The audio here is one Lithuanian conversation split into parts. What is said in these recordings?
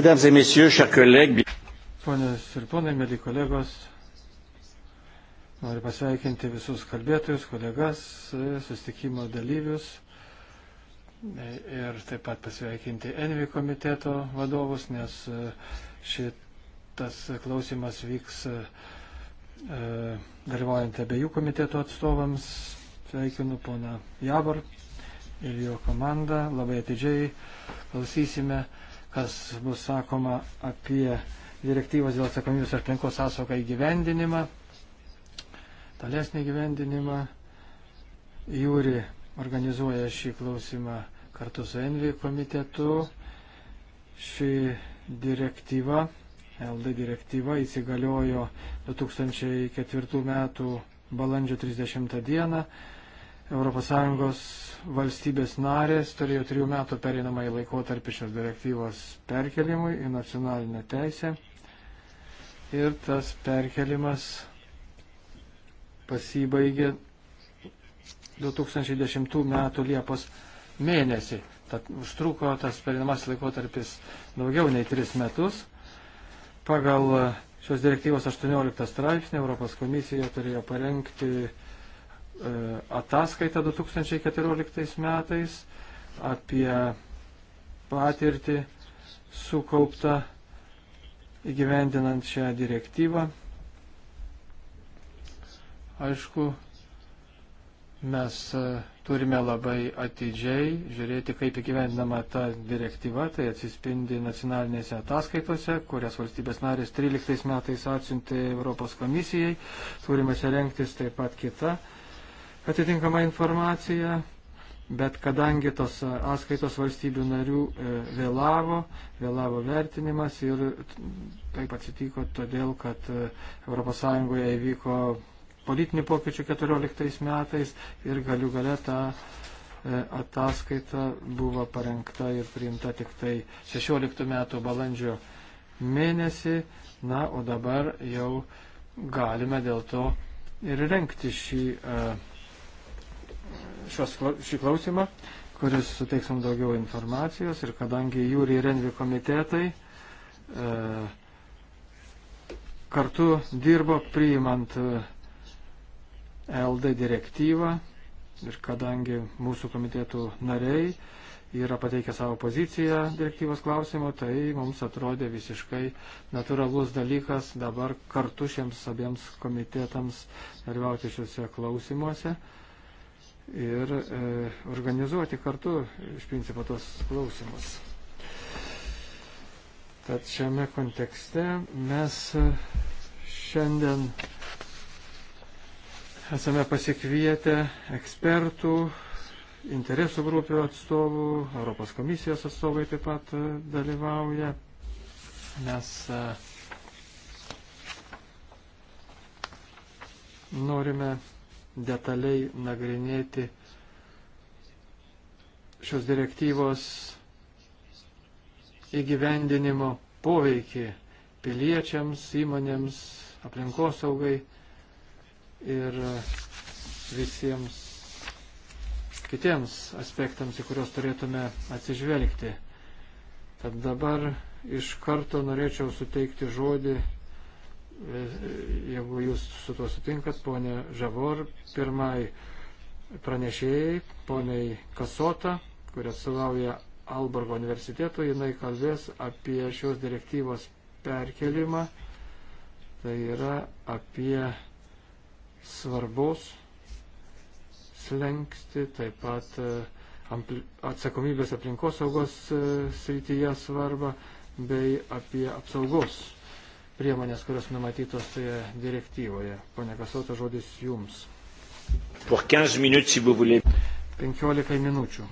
Mesdames et messieurs, chers collègues. Ponios ir ponai, mėly kolegos, noriu pasveikinti visus kalbėtojus, kolegas, sustikimo dalyvius ir taip pat pasveikinti Envi komiteto vadovus, nes e, šitas klausimas vyks e, e, dalyvaujant abiejų komiteto atstovams. Sveikinu poną Javor ir jo komandą. Labai atidžiai klausysime kas bus sakoma apie direktyvos dėl atsakomybės aplinkos sąsauką įgyvendinimą, tolesnį įgyvendinimą. Jūri organizuoja šį klausimą kartu su Envi komitetu. Ši direktyva, LD direktyva įsigaliojo 2004 m. balandžio 30 d. ES valstybės narės turėjo trijų metų pereinamąjį laikotarpį šios direktyvos perkelimui į nacionalinę teisę. Ir tas perkelimas pasibaigė 2010 m. Liepos mėnesį. Tad užtruko tas perinamas laikotarpis daugiau nei 3 metus. Pagal šios direktyvos 18 straipsnį Europos komisija turėjo parengti E, ataskaitą 2014 metais apie patirtį sukauptą įgyvendinant šią direktyvą. Aišku, mes e, turime labai atidžiai žiūrėti, kaip įgyvendinama ta direktyva, tai atsispindi nacionalinėse ataskaitose, kurias valstybės narės 13 metais atsiuntė Europos komisijai. Turime čia rengtis taip pat kita atitinkamą informaciją, bet kadangi tos atskaitos valstybių narių e, vėlavo, vėlavo vertinimas ir taip atsitiko todėl, kad ES įvyko politinių pokyčių 14 metais ir galių gale tą e, ataskaita buvo parengta ir priimta tik tai 16 metų balandžio mėnesį, na, o dabar jau galime dėl to ir renkti šį uh, šios, šį klausimą, kuris suteiksim daugiau informacijos ir kadangi jūri ir renvi komitetai e, kartu dirbo priimant e, LD direktyvą ir kadangi mūsų komitetų nariai yra pateikę savo poziciją direktyvos klausimu, tai mums atrodė visiškai natūralus dalykas dabar kartu šiems abiems komitetams dalyvauti šiuose klausimuose. E, ir e, organizuoti kartu iš principo tos klausimus. Tad šiame kontekste mes e, šiandien esame pasikvietę ekspertų, interesų grupių atstovų, Europos komisijos atstovai taip pat e, dalyvauja. Mes e, norime detaliai nagrinėti šios direktyvos įgyvendinimo poveikį piliečiams, įmonėms, aplinkosaugai ir visiems kitiems aspektams, į kuriuos turėtume atsižvelgti. Tad dabar iš karto norėčiau suteikti žodį jeigu jūs su tuo sutinkat, ponė Žavor, pirmai pranešėjai, poniai Kasota, kurie atstovauja Alborgo universiteto, jinai kalbės apie šios direktyvos perkelimą, tai yra apie svarbos slengsti, taip pat e, atsakomybės aplinkosaugos e, srityje svarbą bei apie apsaugos priemonės, kurios numatytos toje direktyvoje. Pone Kasoto, žodis jums. 15 minučių.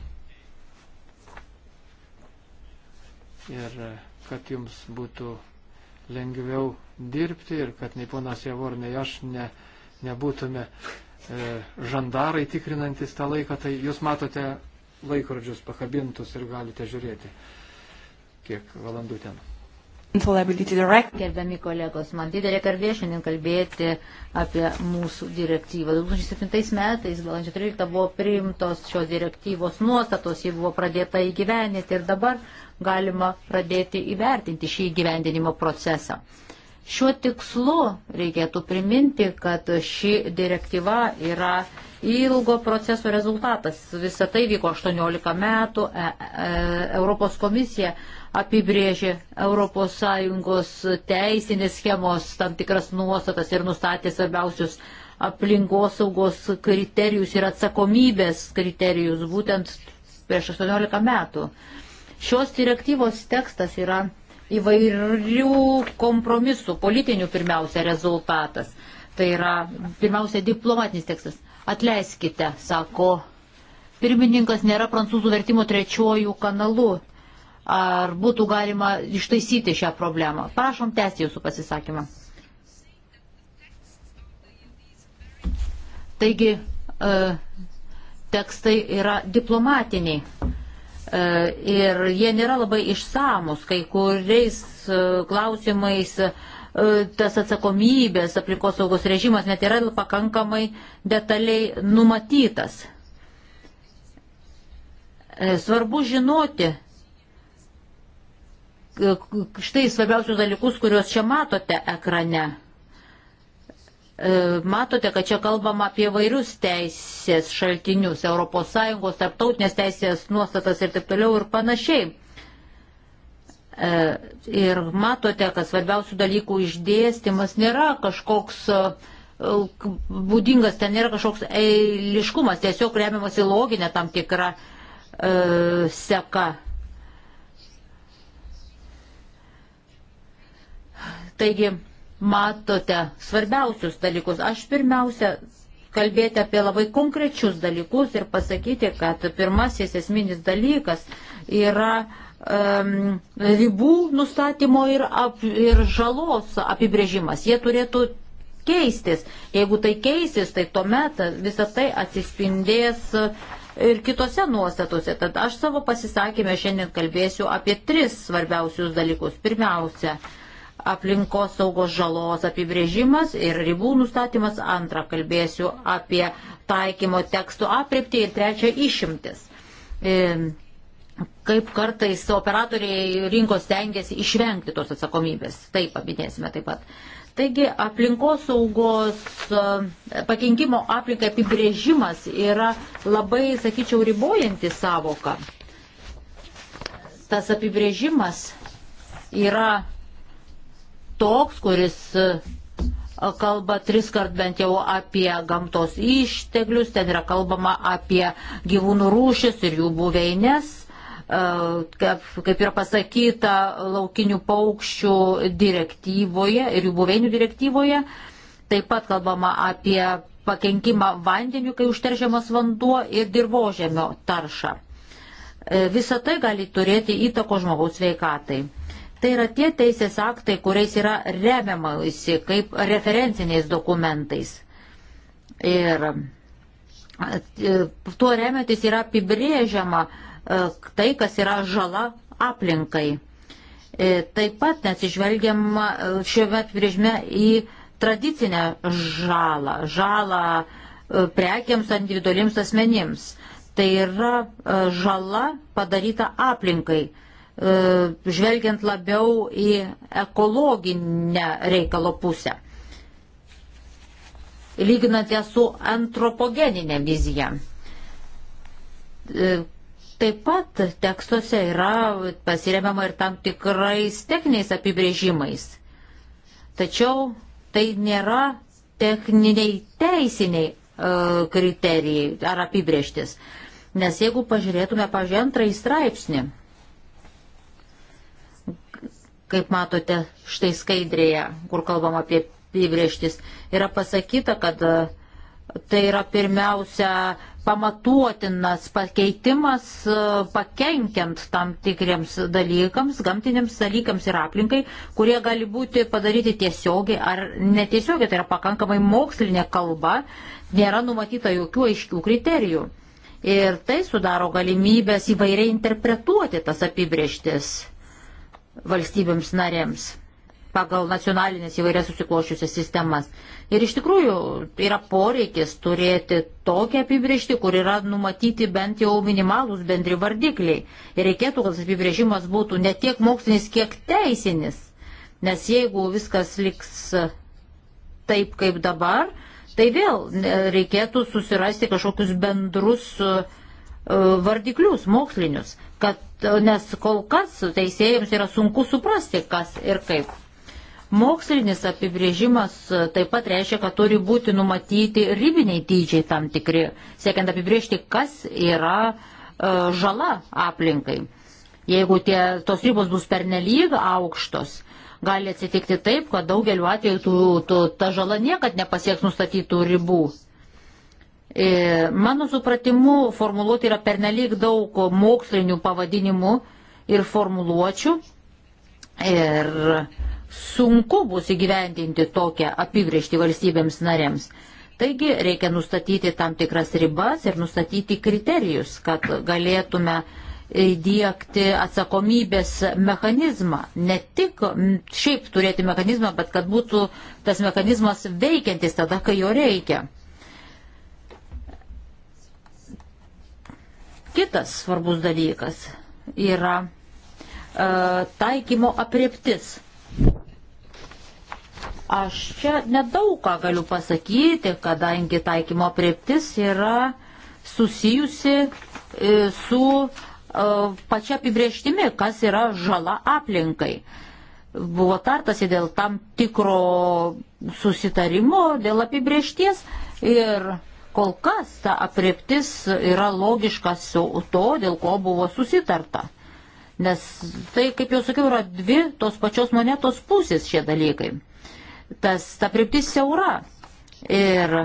Ir e, kad jums būtų lengviau dirbti ir kad nei ponas Javor, nei aš ne, nebūtume e, žandarai tikrinantis tą laiką, tai jūs matote laikrodžius pakabintus ir galite žiūrėti, kiek valandų ten. Gerbiami kolegos, man didelė garbė šiandien kalbėti apie mūsų direktyvą. 2007 metais, balandžio 13, buvo priimtos šios direktyvos nuostatos, ji buvo pradėta įgyveninti ir dabar galima pradėti įvertinti šį įgyvendinimo procesą. Šiuo tikslu reikėtų priminti, kad ši direktyva yra ilgo proceso rezultatas. Visą tai vyko 18 metų. E, e, Europos komisija apibrėžė ES teisinės schemos tam tikras nuostatas ir nustatė svarbiausius aplinkosaugos kriterijus ir atsakomybės kriterijus būtent prieš 18 metų. Šios direktyvos tekstas yra įvairių kompromisų, politinių pirmiausia rezultatas. Tai yra pirmiausia diplomatinis tekstas. Atleiskite, sako pirmininkas, nėra prancūzų vertimo trečiojų kanalų ar būtų galima ištaisyti šią problemą. Prašom tęsti jūsų pasisakymą. Taigi, e, tekstai yra diplomatiniai e, ir jie nėra labai išsamus, kai kuriais e, klausimais tas atsakomybės aplinkos saugos režimas net yra pakankamai detaliai numatytas. Svarbu žinoti, štai svarbiausius dalykus, kuriuos čia matote ekrane. E, matote, kad čia kalbama apie vairius teisės šaltinius, ES, tarptautinės teisės nuostatas ir taip toliau ir panašiai. E, ir matote, kad svarbiausių dalykų išdėstymas nėra kažkoks e, būdingas, ten nėra kažkoks eiliškumas, tiesiog remiamasi loginė tam tikra e, seka. Taigi, matote svarbiausius dalykus. Aš pirmiausia kalbėti apie labai konkrečius dalykus ir pasakyti, kad pirmasis esminis dalykas yra um, ribų nustatymo ir, ap, ir žalos apibrėžimas. Jie turėtų keistis. Jeigu tai keisis, tai tuomet visą tai atsispindės ir kitose nuostatose. Tad aš savo pasisakymę šiandien kalbėsiu apie tris svarbiausius dalykus. Pirmiausia, aplinkos saugos žalos apibrėžimas ir ribų nustatymas. Antra, kalbėsiu apie taikymo tekstų apriepti ir trečia, išimtis. E, kaip kartais operatoriai rinkos tengiasi išvengti tos atsakomybės. Tai paminėsime taip pat. Taigi aplinkos saugos e, pakenkimo aplinkai apibrėžimas yra labai, sakyčiau, ribojanti savoka. Tas apibrėžimas yra toks, kuris e, kalba tris kart bent jau apie gamtos išteklius, ten yra kalbama apie gyvūnų rūšis ir jų buveinės, e, kaip, kaip yra pasakyta laukinių paukščių direktyvoje ir jų buveinių direktyvoje. Taip pat kalbama apie pakenkimą vandeniu, kai užteržiamas vanduo ir dirbožėmio taršą. E, Visą tai gali turėti įtako žmogaus veikatai. Tai yra tie teisės aktai, kuriais yra remiamasi kaip referenciniais dokumentais. Ir e, tuo remiantis yra apibrėžiama e, tai, kas yra žala aplinkai. E, taip pat nesižvelgiama šiame apibrėžime į tradicinę žalą, žalą prekiams individualiems asmenims. Tai yra žala padaryta aplinkai. E, žvelgiant labiau į ekologinę reikalo pusę. Lyginant ją su antropogeninė vizija. E, taip pat tekstuose yra pasiremiama ir tam tikrais techniniais apibrėžimais. Tačiau tai nėra techniniai teisiniai e, kriterijai ar apibrieštis. Nes jeigu pažiūrėtume, pažiūrėjant, antrąjį straipsnį, kaip matote štai skaidrėje, kur kalbam apie apibrieštis, yra pasakyta, kad e, tai yra pirmiausia pamatuotinas pakeitimas e, pakenkiant tam tikriems dalykams, gamtiniams dalykams ir aplinkai, kurie gali būti padaryti tiesiogiai ar netiesiogiai, tai yra pakankamai mokslinė kalba, nėra numatyta jokių aiškių kriterijų. Ir tai sudaro galimybės įvairiai interpretuoti tas apibrieštis valstybėms narėms pagal nacionalinės įvairias susiklošiusias sistemas. Ir iš tikrųjų yra poreikis turėti tokią apibriežtį, kur yra numatyti bent jau minimalūs bendri vardikliai. Ir reikėtų, kad tas apibrėžimas būtų ne tiek mokslinis, kiek teisinis. Nes jeigu viskas liks taip kaip dabar, tai vėl e, reikėtų susirasti kažkokius bendrus e, e, vardiklius mokslinius kad, nes kol kas teisėjams yra sunku suprasti, kas ir kaip. Mokslinis apibrėžimas e, taip pat reiškia, kad turi būti numatyti ribiniai dydžiai tam tikri, siekiant apibrėžti, kas yra e, žala aplinkai. Jeigu tie, tos ribos bus pernelyg aukštos, gali atsitikti taip, kad daugeliu atveju tų, tų, ta žala niekad nepasieks nustatytų ribų. E, mano supratimu, formuluoti yra pernelyg daug mokslinių pavadinimų ir formuluočių. Ir sunku bus įgyvendinti tokią apibriežtį valstybėms narėms. Taigi reikia nustatyti tam tikras ribas ir nustatyti kriterijus, kad galėtume įdėkti atsakomybės mechanizmą. Ne tik šiaip turėti mechanizmą, bet kad būtų tas mechanizmas veikiantis tada, kai jo reikia. Kitas svarbus dalykas yra e, taikymo apriptis. Aš čia nedaug ką galiu pasakyti, kadangi taikymo apriptis yra susijusi e, su e, pačia apibrieštimi, kas yra žala aplinkai. Buvo tartasi dėl tam tikro susitarimo, dėl apibriešties ir Kol kas ta apriptis yra logiška su to, dėl ko buvo susitarta. Nes tai, kaip jau sakiau, yra dvi tos pačios monetos pusės šie dalykai. Tas, ta apriptis siaura. Ir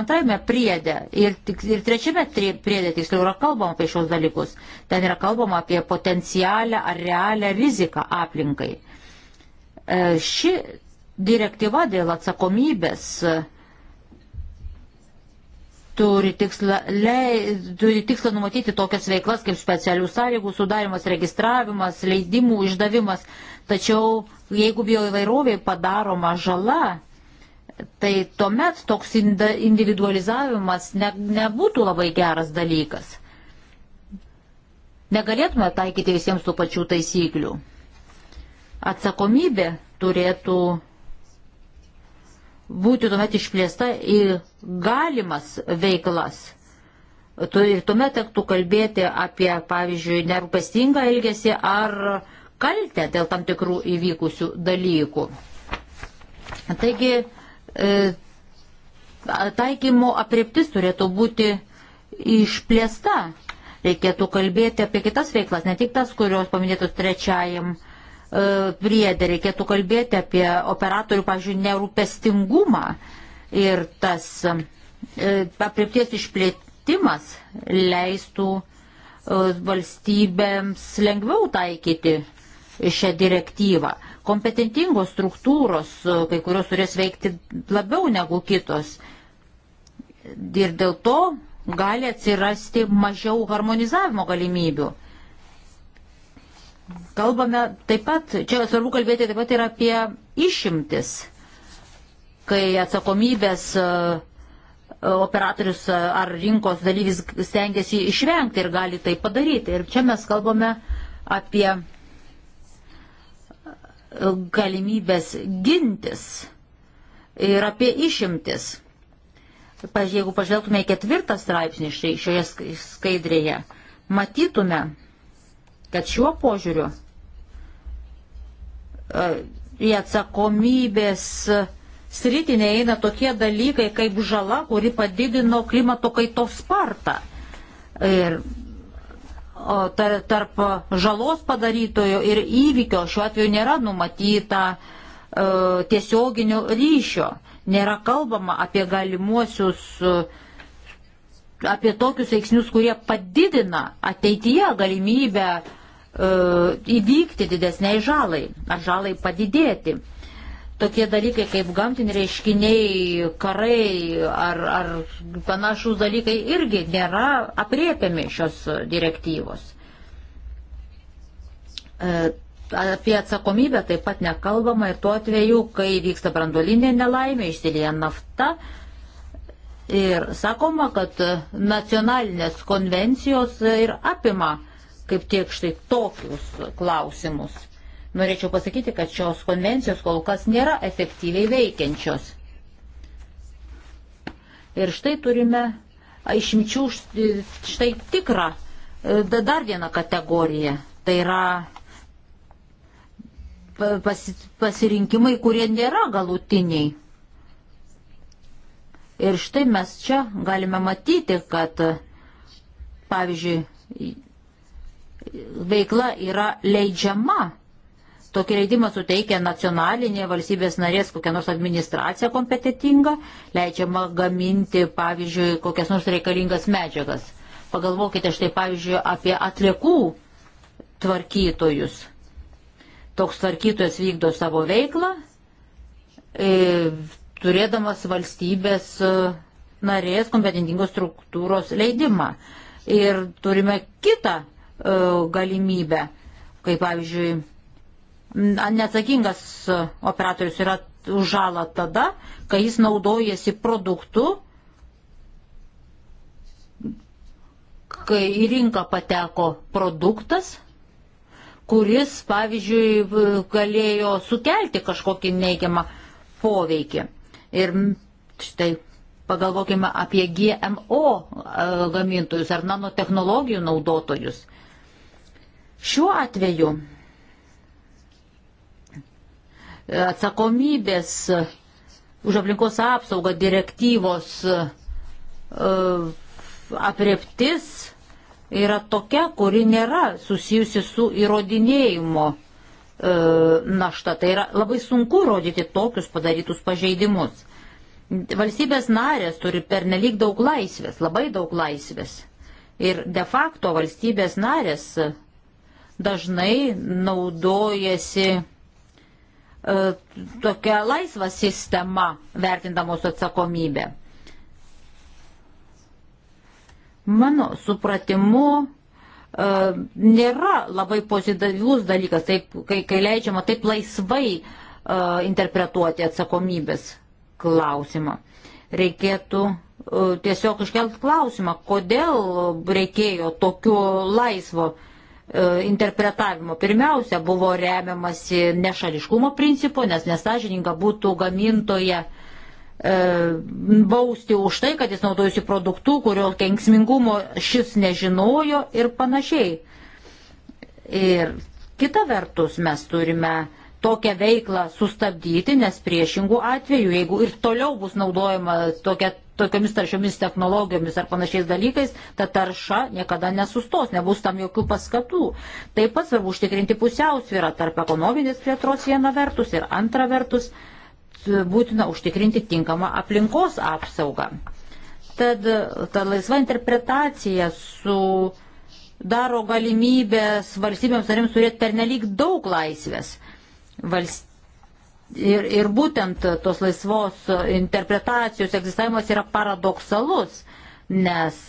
antrajame priedė ir, ir trečiame priedė tiksliau yra kalbama apie šios dalykus. Ten yra kalbama apie potencialią ar realią riziką aplinkai. E, ši direktyva dėl atsakomybės turi tikslą, lei, turi tikslą numatyti tokias veiklas kaip specialių sąlygų sudarimas, registravimas, leidimų išdavimas. Tačiau jeigu bioįvairoviai padaroma žala, tai tuomet toks individualizavimas ne, nebūtų labai geras dalykas. Negalėtume taikyti visiems tų pačių taisyklių. Atsakomybė turėtų būti tuomet išplėsta į galimas veiklas. Ir tuomet tektų kalbėti apie, pavyzdžiui, nerūpestingą elgesį ar kaltę dėl tam tikrų įvykusių dalykų. Taigi, e, taikymo apriptis turėtų būti išplėsta. Reikėtų kalbėti apie kitas veiklas, ne tik tas, kurios paminėtos trečiajam E, priedė reikėtų kalbėti apie operatorių, pavyzdžiui, nerūpestingumą ir tas e, apriepties išplėtimas leistų e, valstybėms lengviau taikyti šią direktyvą. Kompetentingos struktūros, kai kurios turės veikti labiau negu kitos. Ir dėl to gali atsirasti mažiau harmonizavimo galimybių kalbame taip pat, čia yra svarbu kalbėti taip pat ir apie išimtis, kai atsakomybės e, e, operatorius ar rinkos dalyvis stengiasi išvengti ir gali tai padaryti. Ir čia mes kalbame apie e, galimybės gintis ir apie išimtis. Jeigu pažvelgtume į ketvirtą straipsnį šioje skaidrėje, matytume, kad šiuo požiūriu e, į atsakomybės sritį neįeina tokie dalykai kaip žala, kuri padidino klimato kaitos spartą. Ir tarp žalos padarytojo ir įvykio šiuo atveju nėra numatyta e, tiesioginio ryšio, nėra kalbama apie galimuosius uh, apie tokius veiksnius, kurie padidina ateityje galimybę e, įvykti didesniai žalai ar žalai padidėti. Tokie dalykai kaip gamtiniai reiškiniai, karai ar, ar panašus dalykai irgi nėra apriepiami šios direktyvos. E, apie atsakomybę taip pat nekalbama ir tuo atveju, kai vyksta brandolinė nelaimė, išsilieja nafta, e, Ir sakoma, kad nacionalinės konvencijos ir apima kaip tiek štai tokius klausimus. Norėčiau pasakyti, kad šios konvencijos kol kas nėra efektyviai veikiančios. Ir štai turime išimčių štai tikrą e, dar vieną kategoriją. Tai yra pasirinkimai, kurie nėra galutiniai. Ir štai mes čia galime matyti, kad, pavyzdžiui, veikla yra leidžiama. Tokį leidimą suteikia nacionalinė valstybės narės kokia nors administracija kompetitinga, leidžiama gaminti, pavyzdžiui, kokias nors reikalingas medžiagas. Pagalvokite štai, pavyzdžiui, apie atliekų tvarkytojus. Toks tvarkytojas vykdo savo veiklą, e, turėdamas valstybės e, narės kompetentingos struktūros leidimą. Ir turime kitą e, galimybę, kaip pavyzdžiui, neatsakingas operatorius yra už žalą tada, kai jis naudojasi produktu, kai į rinką pateko produktas, kuris, pavyzdžiui, galėjo sukelti kažkokį neigiamą poveikį. Ir štai pagalvokime apie GMO e, gamintojus ar nanotehnologijų naudotojus. Šiuo atveju e, atsakomybės už aplinkos apsaugą direktyvos e, apreptis yra tokia, kuri nėra susijusi su įrodinėjimo E, našta. Tai yra labai sunku rodyti tokius padarytus pažeidimus. Valstybės narės turi pernelyg daug laisvės, labai daug laisvės. Ir de facto valstybės narės dažnai naudojasi e, tokia laisva sistema vertindamos atsakomybę. Mano supratimu, E, nėra labai pozityvus dalykas, taip, kai, kai leidžiama taip laisvai e, interpretuoti atsakomybės klausimą. Reikėtų e, tiesiog iškelti klausimą, kodėl reikėjo tokio laisvo interpretavimo. Pirmiausia, buvo remiamasi nešališkumo principu, nes nesažininga būtų gamintoje uh, E, bausti už tai, kad jis naudojusi produktų, kurio kenksmingumo šis nežinojo ir panašiai. Ir kita vertus mes turime tokią veiklą sustabdyti, nes priešingų atveju, jeigu ir toliau bus naudojama tokia, tokiamis taršiomis technologijomis ar panašiais dalykais, ta tarša niekada nesustos, nebus tam jokių paskatų. Taip pat svarbu užtikrinti pusiausvyrą tarp ekonominės plėtros viena vertus ir antra vertus. Uh, būtina užtikrinti tinkamą aplinkos apsaugą. Tad ta laisva interpretacija su daro galimybės valstybėms narėms turėti pernelyg daug laisvės. Valst... Ir, ir būtent tos laisvos interpretacijos egzistavimas yra paradoksalus, nes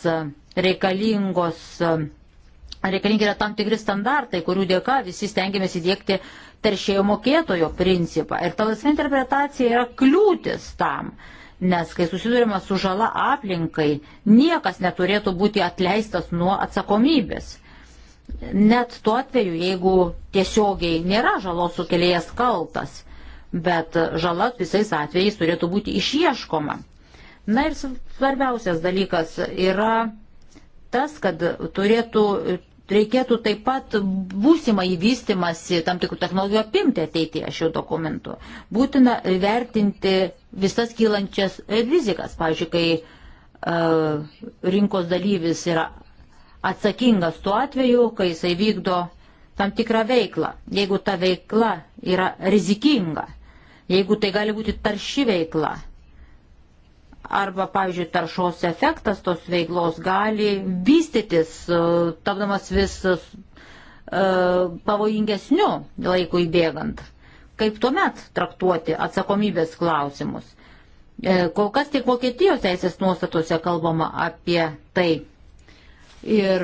reikalingos reikalingi yra tam tikri standartai, kurių dėka visi stengiamės įdėkti teršėjo mokėtojo principą. Ir ta laisva interpretacija yra kliūtis tam, nes kai susidurima su žala aplinkai, niekas neturėtų būti atleistas nuo atsakomybės. Net tuo atveju, jeigu tiesiogiai nėra žalos sukėlėjas kaltas, bet žala visais atvejais turėtų būti išieškoma. Na ir svarbiausias dalykas yra tas, kad turėtų reikėtų taip pat būsimą įvystimąsi tam tikrų technologijų apimti ateityje šių dokumentų. Būtina vertinti visas kylančias rizikas, pavyzdžiui, kai uh, rinkos dalyvis yra atsakingas tuo atveju, kai jisai vykdo tam tikrą veiklą. Jeigu ta veikla yra rizikinga, jeigu tai gali būti tarši veikla, arba, pavyzdžiui, taršos efektas tos veiklos gali vystytis, e, tapdamas vis e, pavojingesniu laikui bėgant. Kaip tuomet traktuoti atsakomybės klausimus? E, kol kas tik Vokietijos teisės nuostatose kalbama apie tai. Ir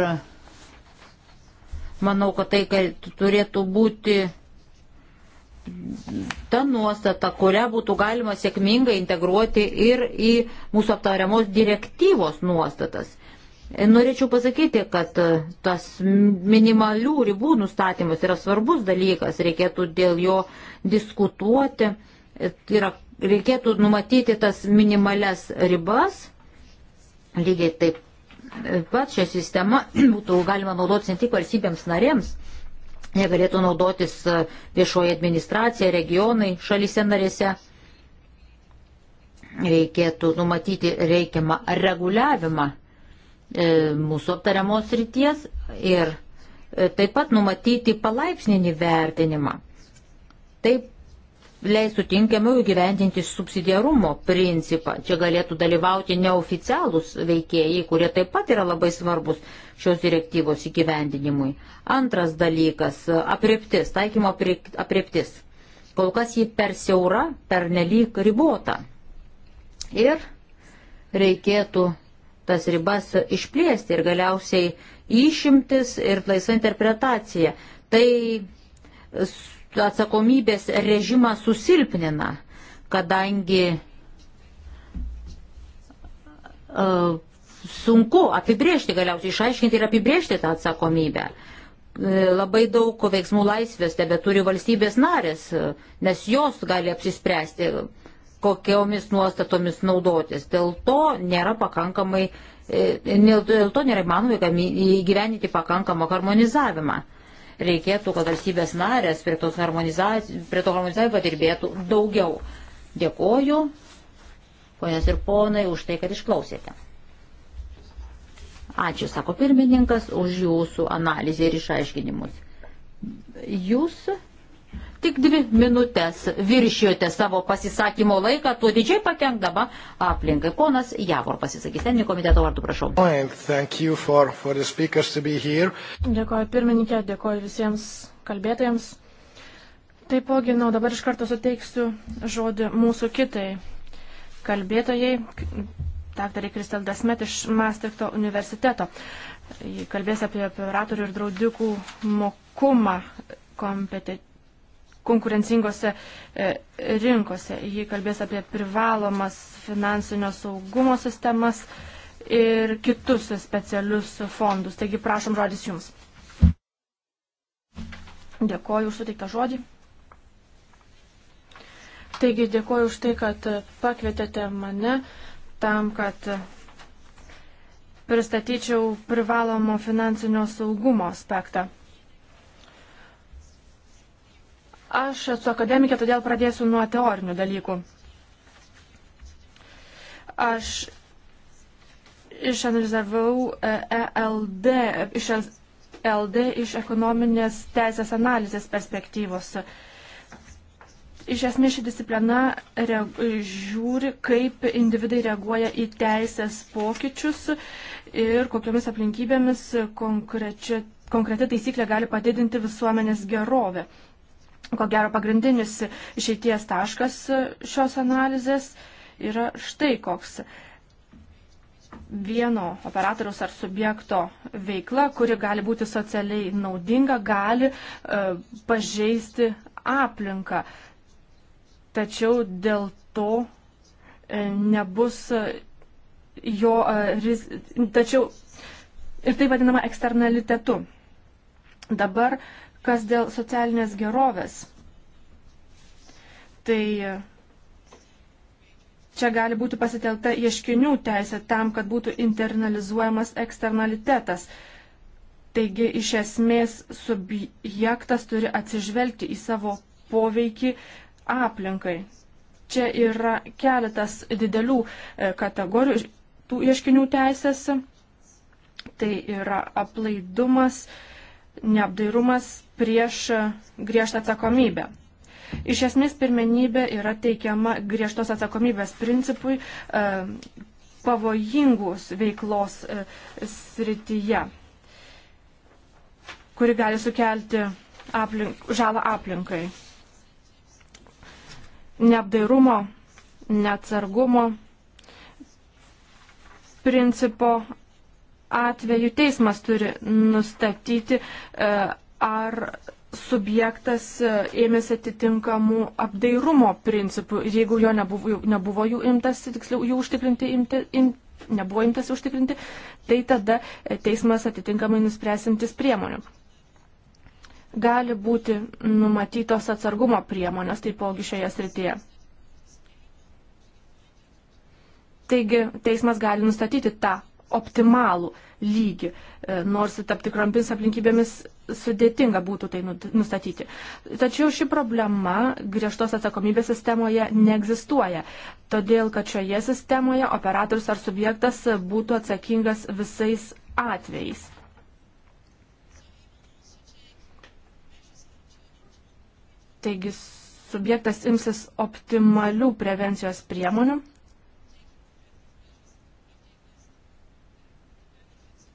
manau, kad tai turėtų būti ta nuostata, kurią būtų galima sėkmingai integruoti ir į mūsų aptariamos direktyvos nuostatas. Norėčiau pasakyti, kad e, tas minimalių ribų nustatymas yra svarbus dalykas, reikėtų dėl jo diskutuoti, yra, reikėtų numatyti tas minimales ribas, lygiai taip pat šią sistemą būtų galima naudoti ne tik valstybėms narėms, negalėtų naudotis e, viešoji administracija, regionai šalyse narėse. Reikėtų numatyti reikiamą reguliavimą e, mūsų aptariamos ryties ir e, taip pat numatyti palaipsninį vertinimą. Taip leistų tinkamiau įgyvendinti subsidiarumo principą. Čia galėtų dalyvauti neoficialūs veikėjai, kurie taip pat yra labai svarbus šios direktyvos įgyvendinimui. Antras dalykas - apriptis, taikymo apriptis. Kol kas ji per siaura, per nelik ribota. Ir reikėtų tas ribas išplėsti ir galiausiai išimtis ir laisva interpretacija. Tai atsakomybės režimą susilpnina, kadangi uh, sunku apibriežti galiausiai, išaiškinti ir apibriežti tą atsakomybę. E, labai daug veiksmų laisvės tebe turi valstybės narės, e, nes jos gali apsispręsti, kokiomis nuostatomis naudotis. Dėl to nėra pakankamai, dėl to nėra įmanoma įgyveninti pakankamą harmonizavimą reikėtų, kad valstybės narės prie, prie to harmonizavimo padirbėtų daugiau. Dėkoju, ponės ir ponai, už tai, kad išklausėte. Ačiū, sako pirmininkas, už jūsų analizę ir išaiškinimus. Jūs tik dvi minutės viršijote savo pasisakymo laiką, tuo didžiai pakengdama aplinkai. Ponas Javor pasisakys, ten komiteto vardu prašau. For, for dėkoju pirmininkė, dėkoju visiems kalbėtojams. Taipogi, na, dabar iš karto suteiksiu žodį mūsų kitai kalbėtojai, daktarė Kristel Dasmet iš Maastrichto universiteto. Jis kalbės apie operatorių ir draudikų mokumą kompetencijų konkurencingose e, rinkose. Ji kalbės apie privalomas finansinio saugumo sistemas ir kitus specialius fondus. Taigi prašom žodis Jums. Dėkoju už suteiktą žodį. Taigi dėkoju už tai, kad pakvietėte mane tam, kad pristatyčiau privalomo finansinio saugumo aspektą. Aš esu akademikė, todėl pradėsiu nuo teorinių dalykų. Aš išanalizavau ELD, e iš LD e iš ekonominės teisės analizės perspektyvos. Iš esmės ši disciplina reag... žiūri, kaip individai reaguoja į teisės pokyčius ir kokiamis aplinkybėmis konkrečia... konkreti taisyklė gali padidinti visuomenės gerovę ko gero pagrindinis išeities taškas šios analizės yra štai koks vieno operatoriaus ar subjekto veikla, kuri gali būti socialiai naudinga, gali e, pažeisti aplinką. Tačiau dėl to e, nebus e, jo, e, riz, tačiau ir tai vadinama eksternalitetu. Dabar Kas dėl socialinės gerovės, tai čia gali būti pasitelta ieškinių teisė tam, kad būtų internalizuojamas eksternalitetas. Taigi iš esmės subjektas turi atsižvelgti į savo poveikį aplinkai. Čia yra keletas didelių e, kategorijų tų ieškinių teisės. Tai yra aplaidumas, neapdairumas, prieš griežtą atsakomybę. Iš esmės pirmenybė yra teikiama griežtos atsakomybės principui e, pavojingus veiklos e, srityje, kuri gali sukelti aplink, žalą aplinkai. Neapdairumo, neatsargumo principo atveju teismas turi nustatyti e, ar subjektas ėmėsi atitinkamų apdairumo principų ir jeigu jo nebuvo, nebuvo jų imtasi, tiksliau jų užtikrinti imti, im, nebuvo imtasi užtikrinti, tai tada teismas atitinkamai nuspręsintis priemonių. Gali būti numatytos atsargumo priemonės taipogi šioje srityje. Taigi teismas gali nustatyti tą optimalų lygį, e, nors tam tikromis aplinkybėmis sudėtinga būtų tai nustatyti. Tačiau ši problema griežtos atsakomybės sistemoje neegzistuoja, todėl kad šioje sistemoje operatorius ar subjektas būtų atsakingas visais atvejais. Taigi subjektas imsis optimalių prevencijos priemonių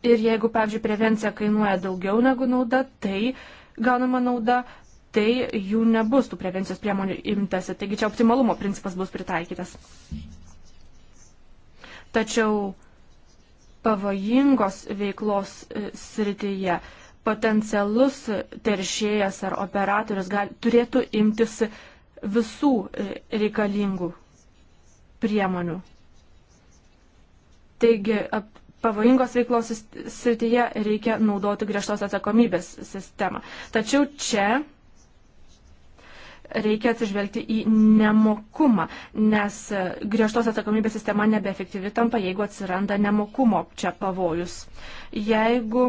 Ir jeigu, pavyzdžiui, prevencija kainuoja daugiau negu nauda, tai gaunama nauda, tai jų nebus tų prevencijos priemonių imtasi. Taigi čia optimalumo principas bus pritaikytas. Tačiau pavojingos veiklos e, srityje potencialus teršėjas ar operatorius gali, turėtų imtis visų e, reikalingų priemonių. Taigi ap, pavojingos veiklos srityje reikia naudoti griežtos atsakomybės sistemą. Tačiau čia reikia atsižvelgti į nemokumą, nes griežtos atsakomybės sistema nebeefektyvi tampa, jeigu atsiranda nemokumo čia pavojus. Jeigu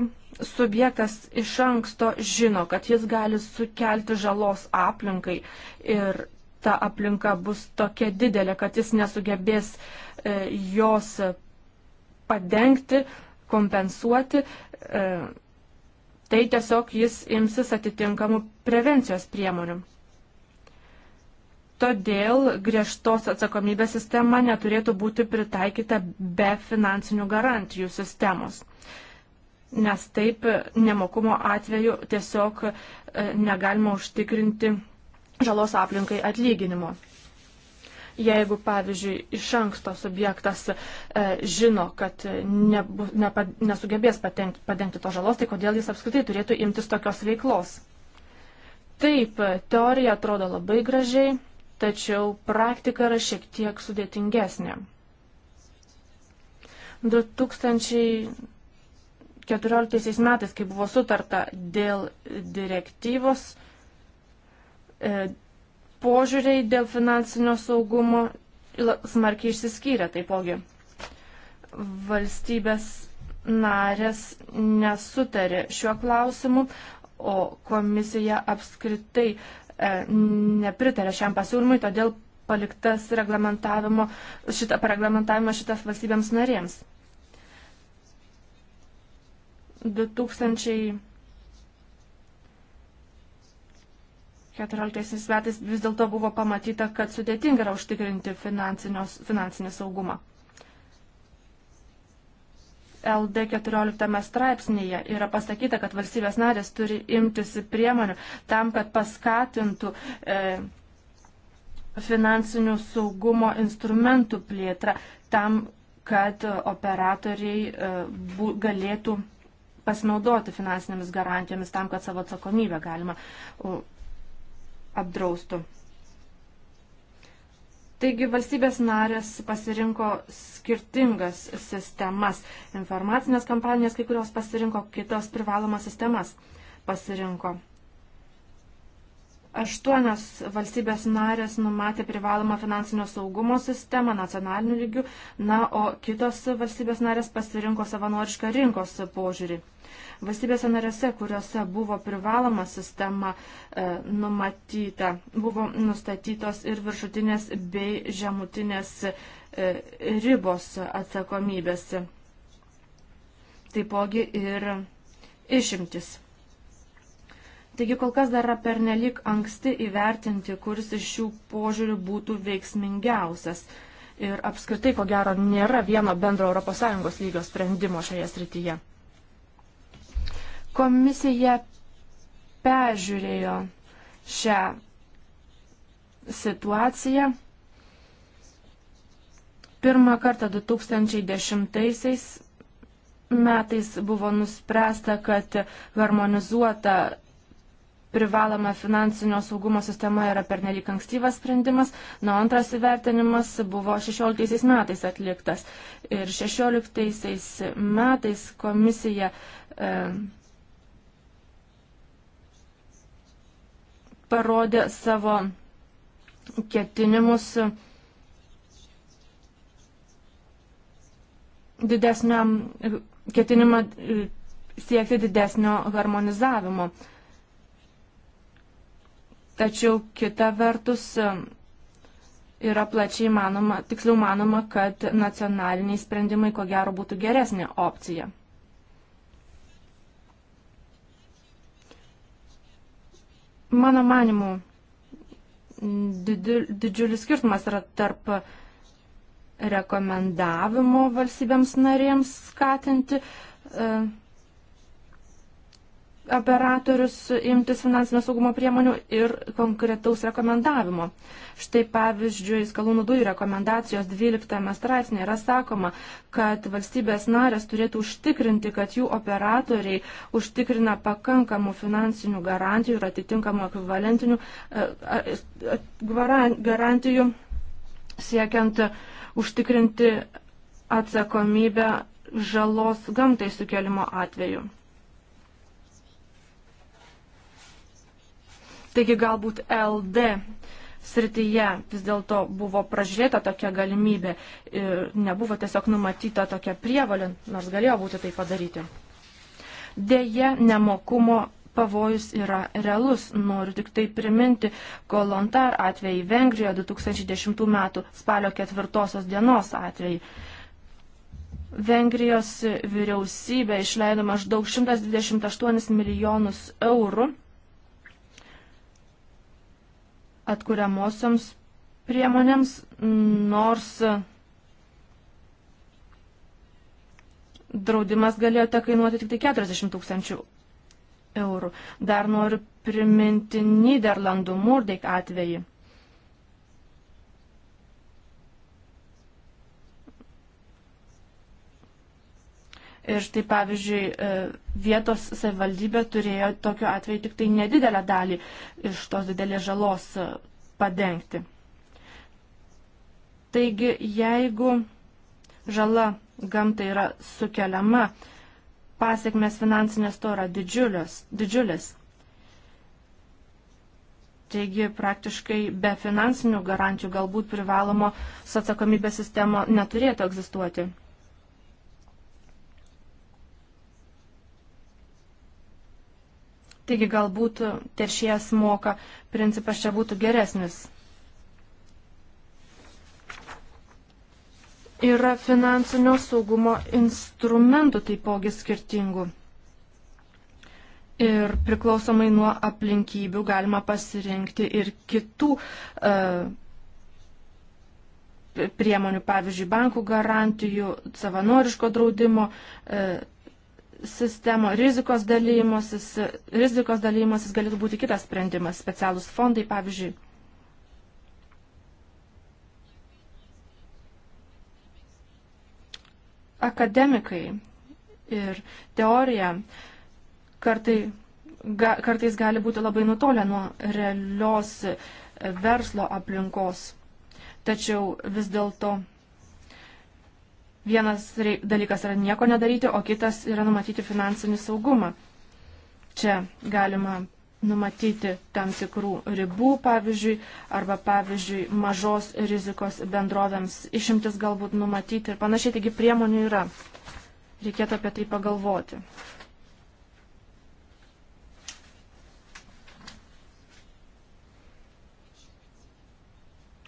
subjektas iš anksto žino, kad jis gali sukelti žalos aplinkai ir ta aplinka bus tokia didelė, kad jis nesugebės e, jos padengti, kompensuoti, e, tai tiesiog jis imsis atitinkamų prevencijos priemonių. Todėl griežtos atsakomybės sistema neturėtų būti pritaikyta be finansinių garantijų sistemos. Nes taip nemokumo atveju tiesiog e, negalima užtikrinti žalos aplinkai atlyginimo. Jeigu, pavyzdžiui, iš anksto subjektas e, žino, kad ne, ne, nesugebės patenkti, padengti to žalos, tai kodėl jis apskritai turėtų imtis tokios veiklos? Taip, teorija atrodo labai gražiai, tačiau praktika yra šiek tiek sudėtingesnė. 2014 metais, kai buvo sutarta dėl direktyvos, e, požiūriai dėl finansinio saugumo smarkiai išsiskyrė taipogi. Valstybės narės nesutarė šiuo klausimu, o komisija apskritai e, nepritarė šiam pasiūlymui, todėl paliktas reglamentavimo, šitą reglamentavimą šitas valstybėms narėms. 2000 2014 metais vis dėlto buvo pamatyta, kad sudėtinga yra užtikrinti finansinį saugumą. LD 14 straipsnėje yra pasakyta, kad valstybės narės turi imtis priemonių tam, kad paskatintų e, finansinių saugumo instrumentų plėtrą, tam, kad operatoriai e, bu, galėtų pasinaudoti finansinėmis garantijomis tam, kad savo atsakomybę galima apdraustų. Taigi valstybės narės pasirinko skirtingas sistemas. Informacinės kampanijas kai kurios pasirinko, kitos privalomas sistemas pasirinko. Aštuonios valstybės narės numatė privalomą finansinio saugumo sistemą nacionaliniu lygiu, na, o kitos valstybės narės pasirinko savanorišką rinkos požiūrį. Valstybėse narėse, kuriuose buvo privaloma sistema e, numatyta, buvo nustatytos ir viršutinės bei žemutinės e, ribos atsakomybės. Taipogi ir išimtis. Taigi kol kas dar yra pernelik anksti įvertinti, kuris iš šių požiūrių būtų veiksmingiausias. Ir apskritai, ko gero, nėra vieno bendro ES lygio sprendimo šioje srityje. Komisija peržiūrėjo šią situaciją. Pirmą kartą 2010 metais buvo nuspręsta, kad harmonizuota privaloma finansinio saugumo sistema yra pernelyg ankstyvas sprendimas, nuo antras įvertinimas buvo 16 metais atliktas. Ir 16 metais komisija e, parodė savo ketinimus didesniam ketinimą e, siekti didesnio harmonizavimo. E, Tačiau kita vertus yra plačiai manoma, tiksliau manoma, kad nacionaliniai sprendimai ko gero būtų geresnė opcija. Mano manimu, didžiulis skirtumas yra tarp rekomendavimo valstybėms narėms skatinti e, operatorius imtis finansinio saugumo priemonių ir konkretaus rekomendavimo. Štai pavyzdžiui, skalūnų dujų rekomendacijos 12 straipsnė yra sakoma, kad valstybės narės turėtų užtikrinti, kad jų operatoriai užtikrina pakankamų finansinių garantijų ir atitinkamų ekvivalentinių e, e, garantijų siekiant užtikrinti atsakomybę žalos gamtai sukėlimo atveju. Taigi galbūt LD srityje vis dėlto buvo pražiūrėta tokia galimybė ir nebuvo tiesiog numatyta tokia prievalė, nors galėjo būti tai padaryti. Deja, nemokumo pavojus yra realus. Noriu tik tai priminti Kolontar atvejį Vengrijoje 2010 m. spalio 4 dienos atvejį. Vengrijos vyriausybė išleido maždaug 128 milijonus eurų atkuriamosioms priemonėms, nors draudimas galėjote kainuoti tik tai 40 tūkstančių eurų. Dar noriu priminti Niderlandų Murdeik atvejį. Ir štai pavyzdžiui, e, vietos savivaldybė turėjo tokiu atveju tik tai nedidelę dalį iš tos didelės žalos e, padengti. Taigi, jeigu žala gamtai yra sukeliama, pasiekmes finansinės to yra didžiulės. didžiulės. Taigi praktiškai be finansinių garantijų galbūt privalomo atsakomybės sistemo neturėtų egzistuoti. Taigi galbūt teršėjas moka principas čia būtų geresnis. Yra finansinio saugumo instrumentų taipogi skirtingų. Ir priklausomai nuo aplinkybių galima pasirinkti ir kitų uh, priemonių, pavyzdžiui, bankų garantijų, savanoriško draudimo, uh, sistemo, rizikos dalymasis, rizikos dalymasis galėtų būti kitas sprendimas, specialūs fondai, pavyzdžiui. Akademikai ir teorija kartai, ga, kartais gali būti labai nutolę nuo realios verslo aplinkos. Tačiau vis dėlto Vienas dalykas yra nieko nedaryti, o kitas yra numatyti finansinį saugumą. Čia galima numatyti tam tikrų ribų, pavyzdžiui, arba, pavyzdžiui, mažos rizikos bendrovėms išimtis galbūt numatyti ir panašiai, taigi priemonių yra. Reikėtų apie tai pagalvoti.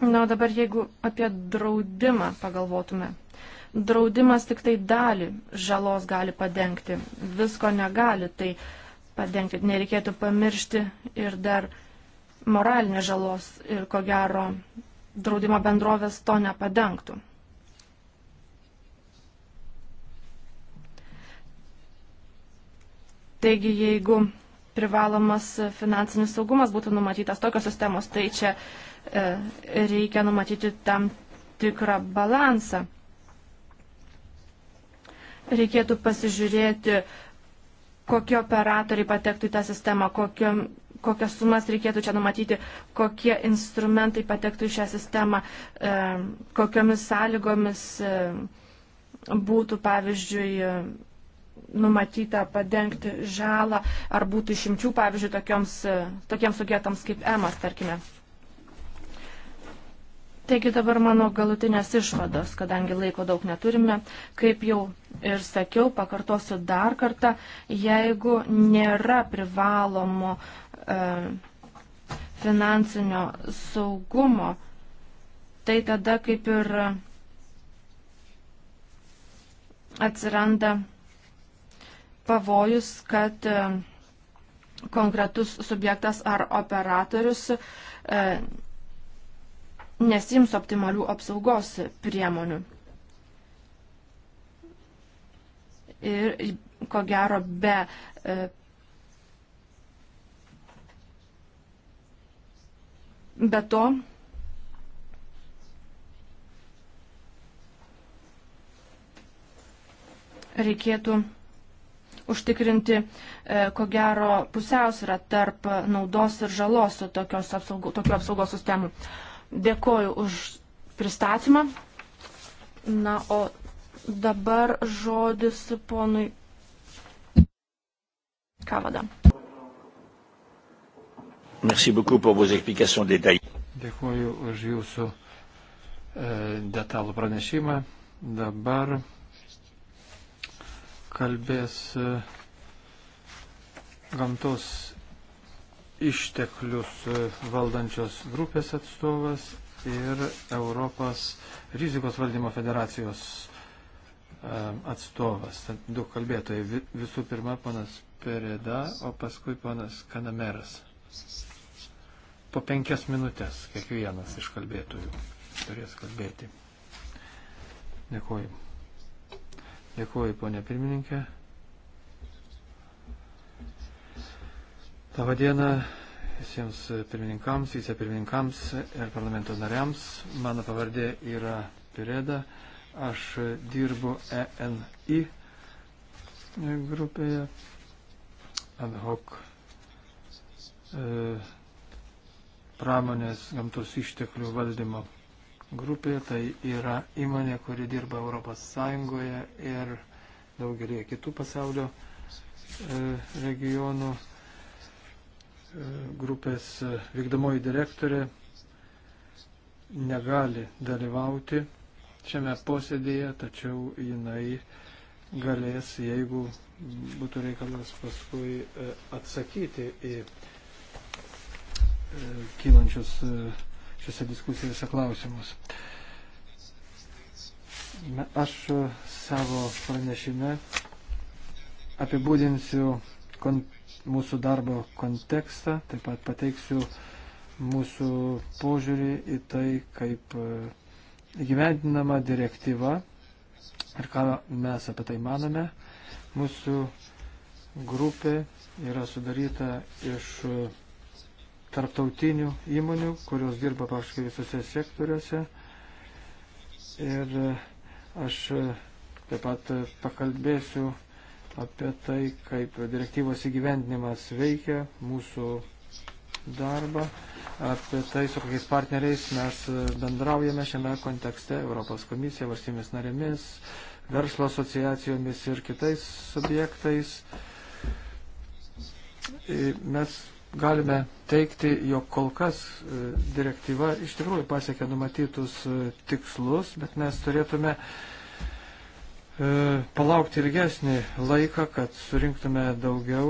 Na, o dabar jeigu apie draudimą pagalvotume draudimas tik tai dalį žalos gali padengti, visko negali tai padengti. Nereikėtų pamiršti ir dar moralinės žalos ir ko gero draudimo bendrovės to nepadengtų. Taigi, jeigu privalomas finansinis saugumas būtų numatytas tokios sistemos, tai čia e, reikia numatyti tam tikrą balansą reikėtų pasižiūrėti, kokie operatoriai patektų į tą sistemą, kokio, kokias sumas reikėtų čia numatyti, kokie instrumentai patektų į šią sistemą, e, kokiomis sąlygomis e, būtų, pavyzdžiui, numatyta padengti žalą, ar būtų išimčių, pavyzdžiui, tokioms, e, tokiems sugetams kaip EMAS, tarkime. Taigi dabar mano galutinės išvados, kadangi laiko daug neturime. Kaip jau ir sakiau, pakartosiu dar kartą, jeigu nėra privalomo e, finansinio saugumo, tai tada kaip ir atsiranda pavojus, kad e, konkretus subjektas ar operatorius e, nesims optimalių apsaugos priemonių. Ir ko gero be e, be to reikėtų užtikrinti, e, ko gero, pusiausvyrą tarp naudos ir žalos tokios apsaugos, tokių apsaugos sistemų. Dėkoju už pristatymą. Na, o dabar žodis ponui Kavada. Merci beaucoup pour vos explications détaillées. Dėkuoju už jūsų e, detalų pranešimą. Dabar kalbės e, gamtos išteklius e, valdančios grupės atstovas ir Europos rizikos valdymo federacijos e, atstovas. Tad du kalbėtojai. Visų pirma, panas Pereda, o paskui panas Kanameras. Po penkias minutės kiekvienas iš kalbėtojų turės kalbėti. Dėkuoju. Dėkuoju, ponė pirmininkė. Labą dieną visiems pirmininkams, vicepirmininkams ir parlamento nariams. Mano pavardė yra Pireda. Aš dirbu ENI grupėje ad hoc e, pramonės gamtos išteklių valdymo grupė. Tai yra įmonė, kuri dirba Europos Sąjungoje ir daugelį kitų pasaulio e, regionų grupės vykdomoji direktorė negali dalyvauti šiame posėdėje, tačiau jinai galės, jeigu būtų reikalas paskui e, atsakyti į e, kylančius e, šiuose diskusijose klausimus. Aš savo pranešime apibūdinsiu kontekstą mūsų darbo kontekstą, taip pat pateiksiu mūsų požiūrį į tai, kaip e, įgyvendinama direktyva ir ką mes apie tai manome. Mūsų grupė yra sudaryta iš tarptautinių įmonių, kurios dirba praktiškai visose sektoriuose. Ir e, aš e, taip pat pakalbėsiu apie tai, kaip direktyvos įgyvendinimas veikia mūsų darbą, apie tai, su kokiais partneriais mes bendraujame šiame kontekste, Europos komisija, valstybės narėmis, verslo asociacijomis ir kitais subjektais. Mes galime teikti, jog kol kas e, direktyva iš tikrųjų pasiekia numatytus e, tikslus, bet mes turėtume uh, E, palaukti ilgesnį laiką, kad surinktume daugiau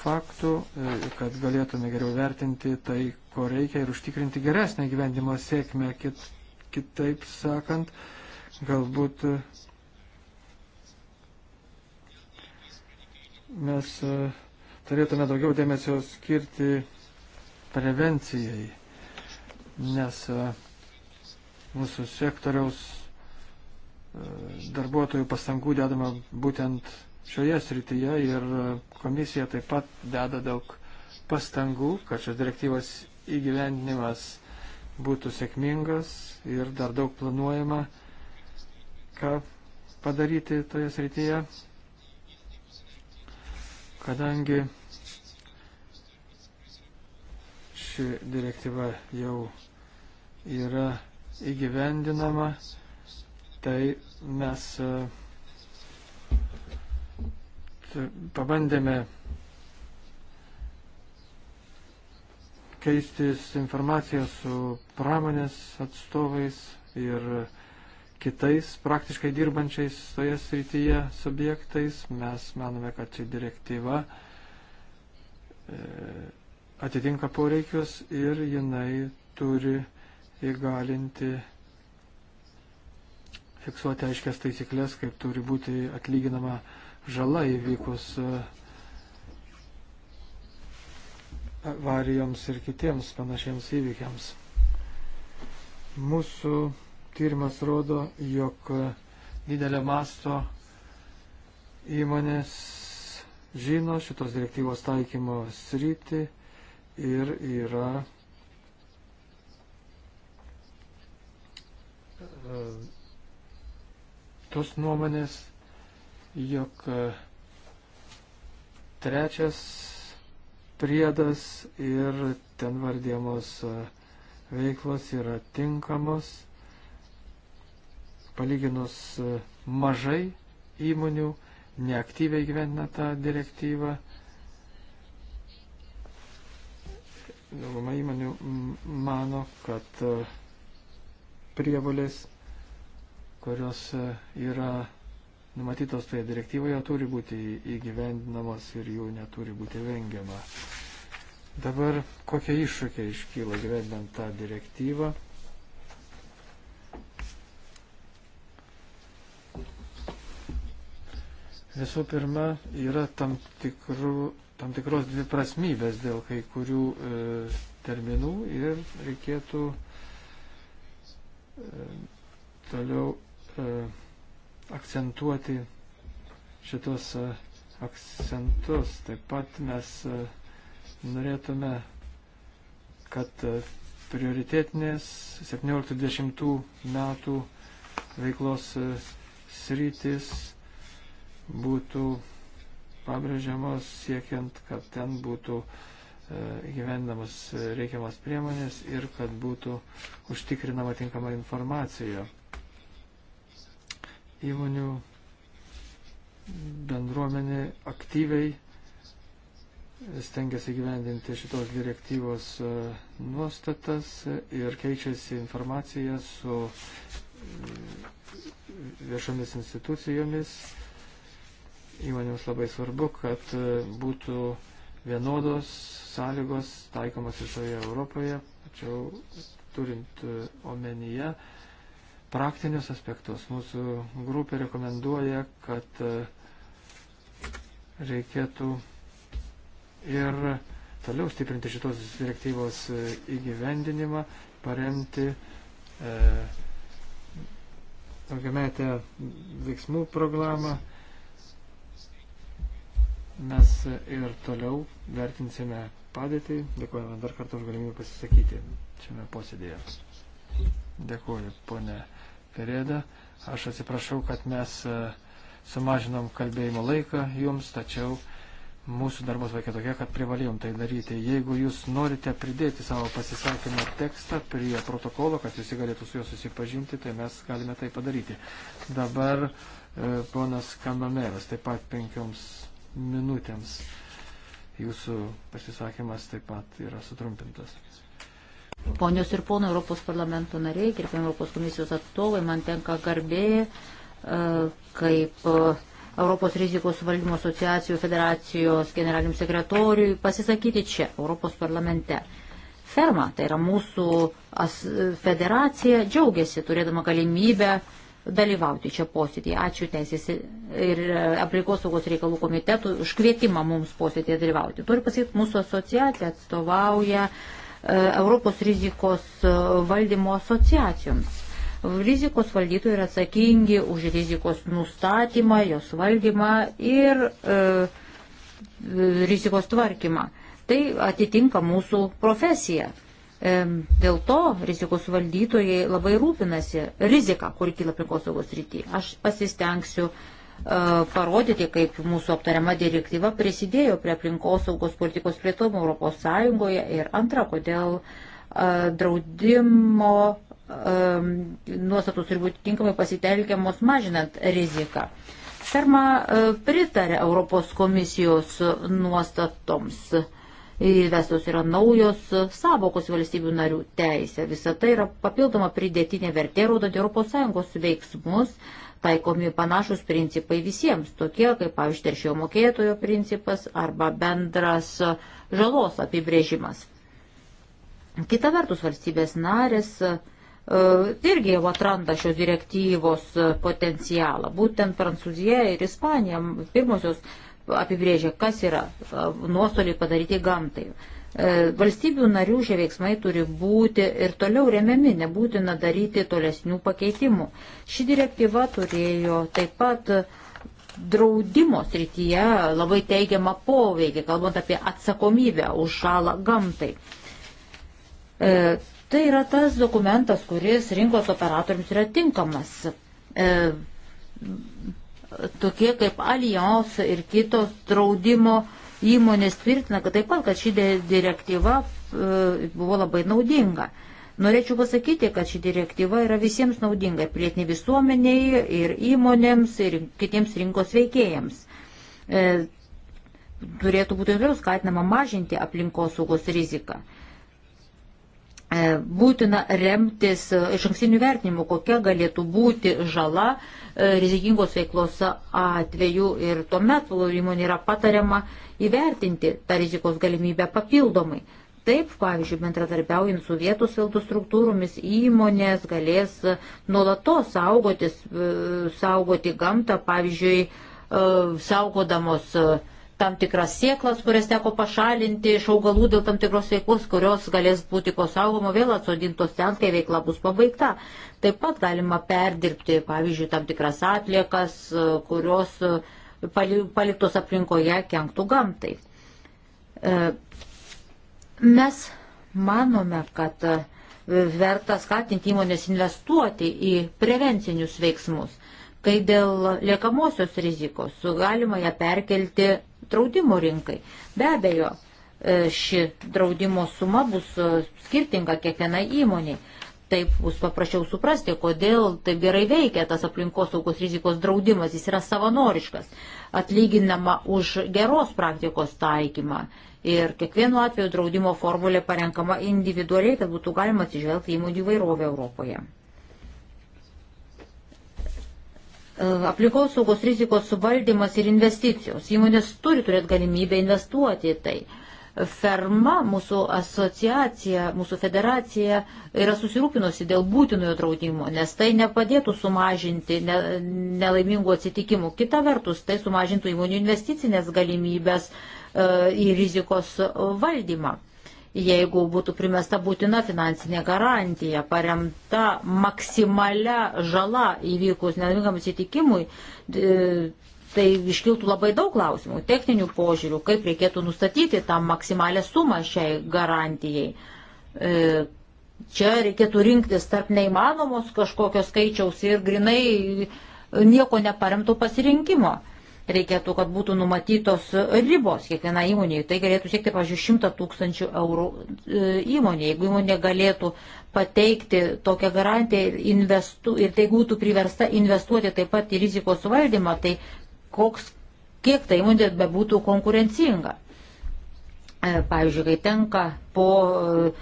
faktų, e, kad galėtume geriau vertinti tai, ko reikia ir užtikrinti geresnę gyvendimo sėkmę. Kit, kitaip sakant, galbūt e, mes turėtume daugiau dėmesio skirti prevencijai, nes mūsų sektoriaus darbuotojų pastangų dedama būtent šioje srityje ir komisija taip pat deda daug pastangų, kad šios direktyvos įgyvendinimas būtų sėkmingas ir dar daug planuojama, ką padaryti toje srityje, kadangi ši direktyva jau yra įgyvendinama tai mes e, pabandėme keistis informaciją su pramonės atstovais ir kitais praktiškai dirbančiais toje srityje subjektais. Mes manome, kad ši direktyva e, atitinka poreikius ir jinai turi įgalinti fiksuoti aiškias taisyklės, kaip turi būti atlyginama žala įvykus e, avarijoms ir kitiems panašiems įvykiams. Mūsų tyrimas rodo, jog didelio masto įmonės žino šitos direktyvos taikymo sritį ir yra e, tos nuomonės, jog e, trečias priedas ir ten vardėmos e, veiklos yra tinkamos, palyginus e, mažai įmonių neaktyviai gyvena tą direktyvą. Dauguma įmonių mano, kad prievolės kurios e, yra numatytos toje direktyvoje, turi būti įgyvendinamos ir jų neturi būti vengiama. Dabar kokie iššūkiai iškyla gyvendant tą direktyvą? Visų pirma, yra tam, tikrų, tam tikros dviprasmybės dėl kai kurių e, terminų ir reikėtų e, toliau E, akcentuoti šitos e, akcentus. Taip pat mes e, norėtume, kad prioritėtinės 17-20 metų veiklos sritis būtų pabrėžiamos siekiant, kad ten būtų įgyvendamas reikiamas priemonės ir kad būtų užtikrinama tinkama informacija įmonių bendruomenė aktyviai stengiasi gyvendinti šitos direktyvos e, nuostatas ir keičiasi informacija su e, viešomis institucijomis. Įmonėms labai svarbu, kad e, būtų vienodos sąlygos taikomas visoje Europoje, tačiau turint omenyje, praktinius aspektus. Mūsų grupė rekomenduoja, kad e, reikėtų ir toliau stiprinti šitos direktyvos e, įgyvendinimą, paremti e, daugiametę veiksmų programą. Mes ir toliau vertinsime padėtį. Dėkojame dar kartą už galimybę pasisakyti šiame posėdėje. Dėkuoju, ponė periodą. Aš atsiprašau, kad mes e, sumažinom kalbėjimo laiką jums, tačiau mūsų darbos vaikė tokia, kad privalėjom tai daryti. Jeigu jūs norite pridėti savo pasisakymo tekstą prie protokolo, kad visi galėtų su juo susipažinti, tai mes galime tai padaryti. Dabar e, ponas Kamameras, taip pat penkioms minutėms jūsų pasisakymas taip pat yra sutrumpintas. Ponios ir pono Europos parlamento nariai, gerbėjom Europos komisijos atstovai, man tenka garbė e, kaip e, Europos rizikos valdymo asociacijų federacijos generaliniam sekretoriui pasisakyti čia, Europos parlamente. Ferma, tai yra mūsų federacija, džiaugiasi turėdama galimybę dalyvauti čia posėdėje. Ačiū Teisės ir aplinkos saugos reikalų komitetų už kvietimą mums posėdėje dalyvauti. Turiu pasakyti, mūsų asociacija atstovauja uh, Europos rizikos e, valdymo asociacijoms. Rizikos valdytojai yra atsakingi už rizikos nustatymą, jos valdymą ir e, rizikos tvarkymą. Tai atitinka mūsų profesiją. E, dėl to rizikos valdytojai labai rūpinasi riziką, kuri kyla aplinkosaugos rytį. Aš pasistengsiu e, E, parodyti, kaip mūsų aptariama direktyva prisidėjo prie aplinkosaugos politikos plėtojimo Europos Sąjungoje ir antra, kodėl e, draudimo e, nuostatos turi būti tinkamai pasitelkiamos mažinant riziką. Sarma pritarė Europos komisijos nuostatoms. Įvestos yra naujos savokos valstybių narių teisė. Visa tai yra papildoma pridėtinė vertė, rodant ES veiksmus taikomi panašus principai visiems, tokie kaip, pavyzdžiui, teršėjo mokėtojo principas arba bendras žalos apibrėžimas. Kita vertus, valstybės narės e, irgi jau atranda šios direktyvos potencialą. Būtent Prancūzija ir Ispanija pirmosios apibrėžia, kas yra e, nuostoliai padaryti gamtai. E, valstybių narių šie veiksmai turi būti ir toliau remiami, nebūtina daryti tolesnių pakeitimų. Ši direktyva turėjo taip pat draudimo srityje labai teigiamą poveikį, kalbant apie atsakomybę už žalą gamtai. E, tai yra tas dokumentas, kuris rinkos operatoriams yra tinkamas. E, tokie kaip Allianz ir kitos draudimo e, Įmonės tvirtina, kad taip pat, kad ši direktyva e, buvo labai naudinga. Norėčiau pasakyti, kad ši direktyva yra visiems naudinga ir pilietiniai visuomeniai, ir įmonėms, ir kitiems rinkos veikėjams. E, turėtų būti vėl skatinama mažinti aplinkosaugos riziką. E, būtina remtis e, iš ankstinių vertinimų, kokia galėtų būti žala e, rizikingos veiklos atveju ir tuomet įmonė yra patariama įvertinti tą rizikos galimybę papildomai. Taip, pavyzdžiui, bendradarbiaujant su vietos valdų struktūromis, įmonės galės nuolatos saugotis, saugoti gamtą, pavyzdžiui, saugodamos uh, tam tikras sieklas, kurias teko pašalinti iš augalų dėl tam tikros veiklos, kurios galės būti ko saugoma, vėl atsodintos ten, kai veikla bus pabaigta. Taip pat galima perdirbti, pavyzdžiui, tam tikras atliekas, kurios paliktos aplinkoje kenktų gamtai. E, mes manome, kad e, verta skatinti įmonės investuoti į prevencinius veiksmus kai dėl liekamosios rizikos galima ją perkelti draudimo rinkai. Be abejo, e, ši draudimo suma bus e, skirtinga kiekvienai įmoniai. Taip bus paprasčiau suprasti, kodėl taip gerai veikia tas aplinkos saugos rizikos draudimas, jis yra savanoriškas, atlyginama už geros praktikos taikymą. Ir kiekvienu atveju draudimo formulė parenkama individualiai, kad būtų galima atsižvelgti įmonių įvairovę Europoje. E, Aplinkos saugos rizikos suvaldymas ir investicijos. Įmonės turi turėti galimybę investuoti į tai. Ferma, mūsų asociacija, mūsų federacija yra susirūpinusi dėl būtinojo draudimo, nes tai nepadėtų sumažinti nelaimingų atsitikimų. Kita vertus, tai sumažintų įmonių investicinės galimybės e, į rizikos valdymą jeigu būtų primesta būtina finansinė garantija, paremta maksimalia žala įvykus nelaimingam atsitikimui, e, tai iškiltų labai daug klausimų, techninių požiūrių, kaip reikėtų nustatyti tą maksimalę sumą šiai garantijai. E, čia reikėtų rinktis tarp neįmanomos kažkokios skaičiaus ir grinai nieko neparemto pasirinkimo reikėtų, kad būtų numatytos ribos kiekviena įmonė. Tai galėtų siekti, pažiūrėjau, 100 tūkstančių eurų e, įmonė. Jeigu įmonė galėtų pateikti tokią garantiją investu, ir tai būtų priversta investuoti taip pat į rizikos suvaldymą, tai koks, kiek ta įmonė bebūtų konkurencinga. E, pavyzdžiui, kai tenka po e,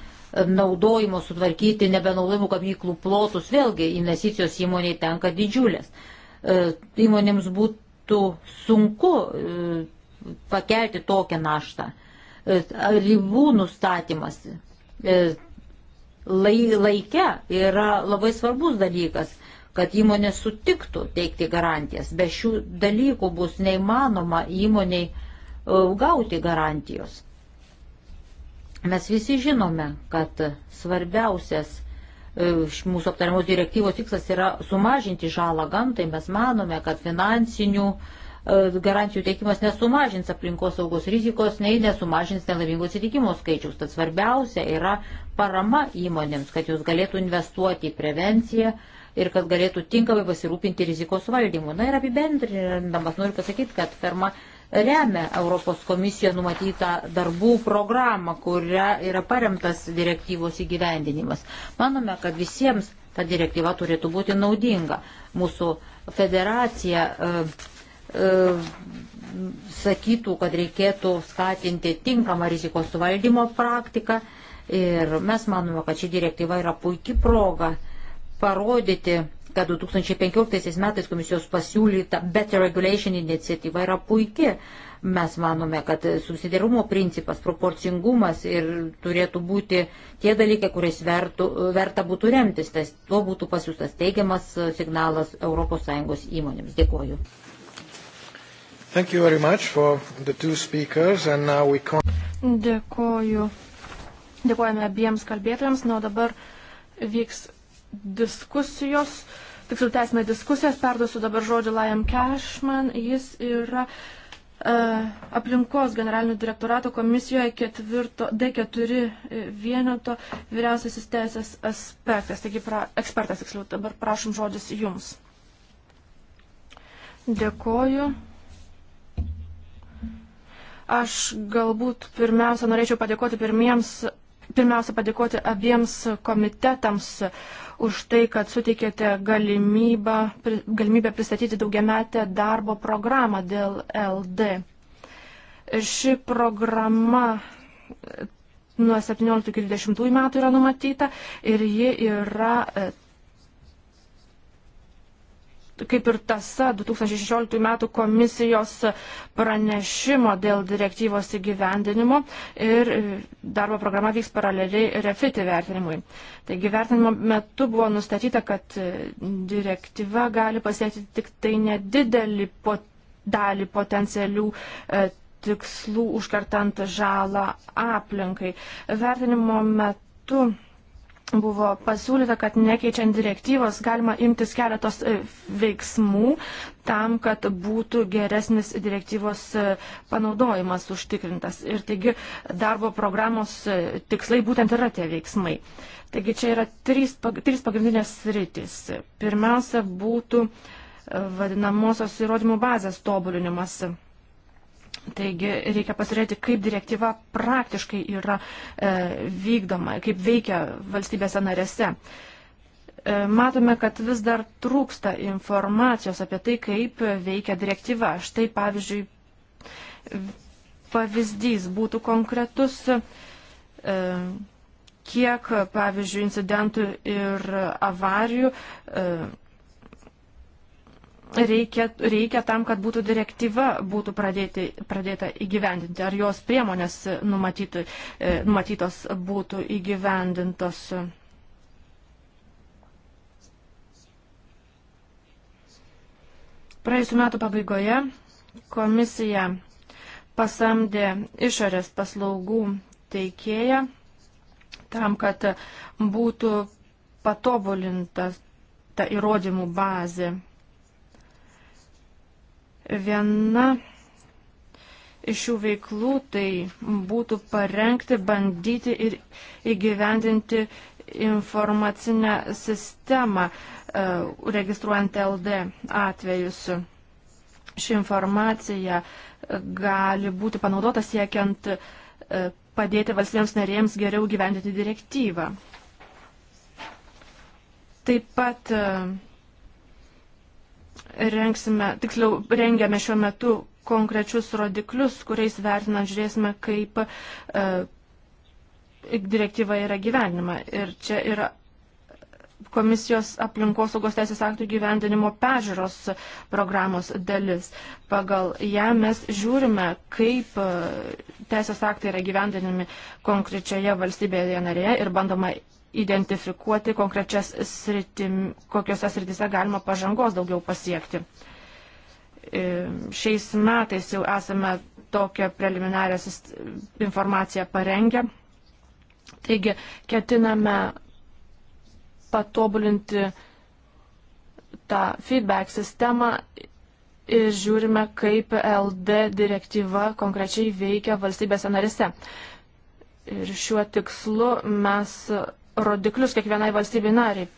naudojimo sutvarkyti nebenaudojimų gamyklų plotus, vėlgi investicijos įmoniai tenka didžiulės. Įmonėms būt, būtų sunku e, pakelti tokią naštą. E, ribų nustatymas e, laike yra labai svarbus dalykas, kad įmonė sutiktų teikti garantijas. Be šių dalykų bus neįmanoma įmoniai gauti garantijos. Mes visi žinome, kad svarbiausias E, mūsų aptariamos direktyvos tikslas yra sumažinti žalą gamtai. Mes manome, kad finansinių e, garantijų teikimas nesumažins aplinkos saugos rizikos, nei nesumažins nelaimingų atsitikimų skaičiaus. Tad svarbiausia yra parama įmonėms, kad jūs galėtų investuoti į prevenciją ir kad galėtų tinkamai pasirūpinti rizikos valdymu. Na ir apibendrinamas noriu pasakyti, kad ferma remia Europos komisija numatytą darbų programą, kuria yra paremtas direktyvos įgyvendinimas. Manome, kad visiems ta direktyva turėtų būti naudinga. Mūsų federacija e, e, sakytų, kad reikėtų skatinti tinkamą rizikos suvaldymo praktiką ir mes manome, kad ši direktyva yra puikia proga parodyti kad 2015 metais komisijos pasiūlyta Better Regulation iniciatyva yra puikia. Mes manome, kad susidarumo principas, proporcingumas ir turėtų būti tie dalykai, kuriais vertų, verta būtų remtis. Tas, tuo būtų pasiūstas teigiamas signalas ES įmonėms. Dėkuoju. Dėkuoju. Dėkuojame abiems kalbėtojams. Na, o dabar vyks diskusijos, tiksliau tęsime diskusijas, perduosiu dabar žodžiu Lajam Kešman, jis yra uh, aplinkos generalinio direktorato komisijoje ketvirto, D4 e, vieneto vyriausiasis teisės aspektas, taigi pra, ekspertas, tiksliau, dabar prašom žodis jums. Dėkoju. Aš galbūt pirmiausia norėčiau padėkoti pirmiems pirmiausia padėkoti abiems komitetams už tai, kad suteikėte galimybę, galimybę pristatyti daugiametę darbo programą dėl LD. Ši programa e, nuo 17 iki 20 metų yra numatyta ir ji yra e, kaip ir tasa 2016 metų komisijos pranešimo dėl direktyvos įgyvendinimo ir darbo programa vyks paraleliai refiti vertinimui. Taigi vertinimo metu buvo nustatyta, kad direktyva gali pasiekti tik tai nedidelį po, dalį potencialių e, tikslų užkartant žalą aplinkai. Vertinimo metu buvo pasiūlyta, kad nekeičiant direktyvos galima imtis keletos e, veiksmų tam, kad būtų geresnis direktyvos e, panaudojimas užtikrintas. Ir taigi darbo programos e, tikslai būtent yra tie veiksmai. Taigi čia yra trys, trys pagrindinės sritis. Pirmiausia būtų vadinamosios įrodymų bazės tobulinimas. Taigi reikia pasižiūrėti, kaip direktyva praktiškai yra e, vykdoma, kaip veikia valstybėse narėse. E, matome, kad vis dar trūksta informacijos apie tai, kaip veikia direktyva. Štai pavyzdžiui, pavyzdys būtų konkretus, e, kiek, pavyzdžiui, incidentų ir avarijų. E, reikia, reikia tam, kad būtų direktyva būtų pradėti, pradėta įgyvendinti, ar jos priemonės numatytų, e, numatytos būtų įgyvendintos. Praėjusiu metu pabaigoje komisija pasamdė išorės paslaugų teikėją tam, kad būtų patobulinta ta įrodymų bazė. Viena iš šių veiklų tai būtų parengti, bandyti ir įgyvendinti informacinę sistemą, e, registruojant LD atvejus. Ši informacija gali būti panaudota siekiant e, padėti valstybėms narėms geriau gyvendyti direktyvą. Taip pat e, rengsime, tiksliau rengiame šiuo metu konkrečius rodiklius, kuriais vertinant žiūrėsime, kaip e, direktyva yra gyvenima. Ir čia yra komisijos aplinkosaugos teisės aktų gyvendinimo pežiūros programos dalis. Pagal ją mes žiūrime, kaip e, teisės aktai yra gyvendinami konkrečioje valstybėje narėje ir bandoma identifikuoti konkrečias sritim, kokiuose sritise galima pažangos daugiau pasiekti. E, šiais metais jau esame tokią preliminarią informaciją parengę. Taigi ketiname patobulinti tą feedback sistemą ir žiūrime, kaip LD direktyva konkrečiai veikia valstybėse narise. Ir šiuo tikslu mes rodiklius kiekvienai valstybei nariai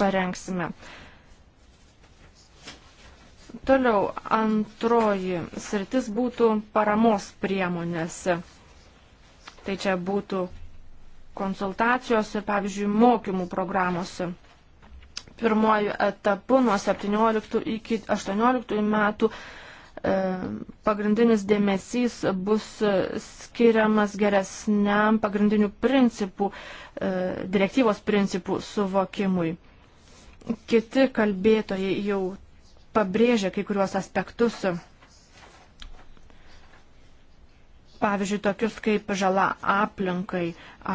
parengsime. Toliau antroji sritis būtų paramos priemonėse. Tai čia būtų konsultacijos ir, pavyzdžiui, mokymų programuose. Pirmoju etapu nuo 17 iki 18 metų E, pagrindinis dėmesys bus skiriamas geresniam pagrindinių principų, e, direktyvos principų suvokimui. Kiti kalbėtojai jau pabrėžė kai kuriuos aspektus, pavyzdžiui, tokius kaip žala aplinkai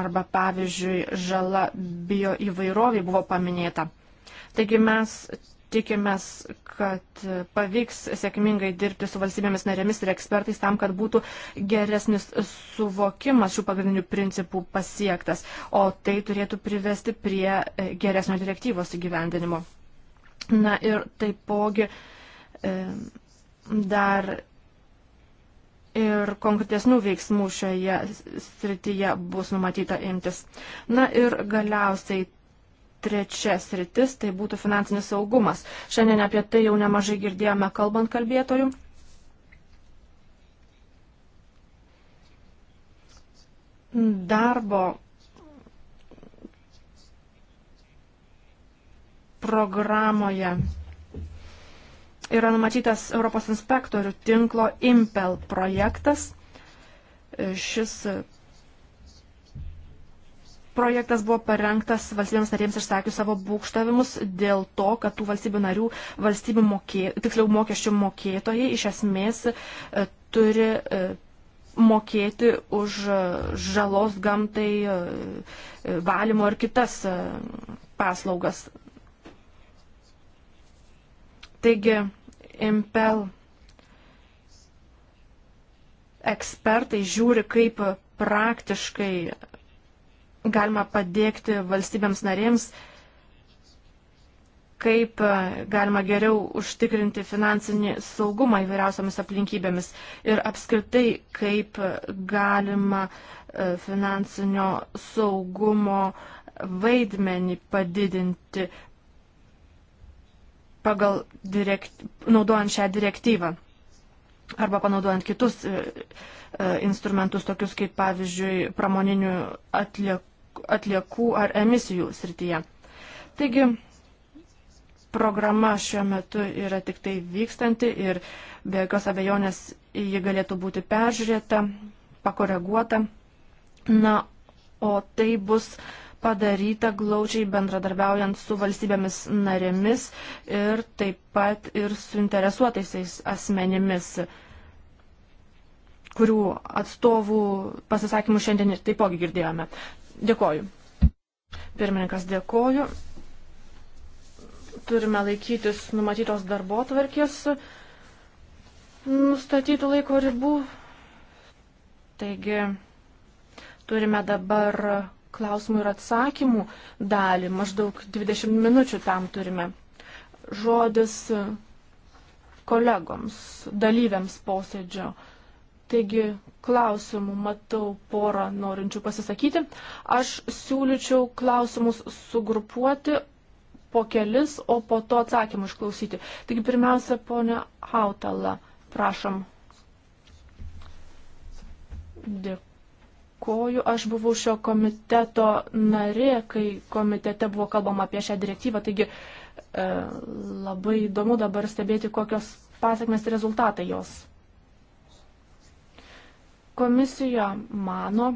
arba, pavyzdžiui, žala bio įvairoviai buvo paminėta. Taigi mes tikimės, kad pavyks sėkmingai dirbti su valstybėmis narėmis ir ekspertais tam, kad būtų geresnis suvokimas šių pagrindinių principų pasiektas, o tai turėtų privesti prie geresnio direktyvos įgyvendinimo. Na ir taipogi e, dar ir konkretesnių veiksmų šioje srityje bus numatyta imtis. Na ir galiausiai trečias rytis, tai būtų finansinis saugumas. Šiandien apie tai jau nemažai girdėjome kalbant kalbėtojų. Darbo programoje yra numatytas Europos inspektorių tinklo Impel projektas. Šis projektas buvo parengtas valstybėms narėms išsakius savo būkštavimus dėl to, kad tų valstybių narių, valstybių mokė, tiksliau mokesčių mokėtojai iš esmės e, turi e, mokėti už e, žalos gamtai valymo ir kitas paslaugas. Taigi, Impel ekspertai žiūri, kaip praktiškai galima padėkti valstybėms narėms, kaip e, galima geriau užtikrinti finansinį saugumą įvairiausiamis aplinkybėmis ir apskritai, kaip galima e, finansinio saugumo vaidmenį padidinti pagal direkt, naudojant šią direktyvą arba panaudojant kitus e, instrumentus, tokius kaip pavyzdžiui pramoninių atliekų atliekų ar emisijų srityje. Taigi, programa šiuo metu yra tik tai vykstanti ir be jokios abejonės ji galėtų būti peržiūrėta, pakoreguota. Na, o tai bus padaryta glaučiai bendradarbiaujant su valstybėmis narėmis ir taip pat ir suinteresuotaisiais asmenimis, kurių atstovų pasisakymų šiandien ir taipogi girdėjome. Dėkoju. Pirmininkas, dėkoju. Turime laikytis numatytos darbo tvarkės, nustatytų laiko ribų. Taigi, turime dabar klausimų ir atsakymų dalį, maždaug 20 minučių tam turime. Žodis kolegoms, dalyviams posėdžio. Taigi klausimų matau porą norinčių pasisakyti. Aš siūlyčiau klausimus sugrupuoti po kelis, o po to atsakymų išklausyti. Taigi pirmiausia, ponia Hautala, prašom. Dėkoju. Aš buvau šio komiteto narė, kai komitete buvo kalbama apie šią direktyvą. Taigi e, labai įdomu dabar stebėti, kokios pasiekmes ir rezultatai jos Komisija mano,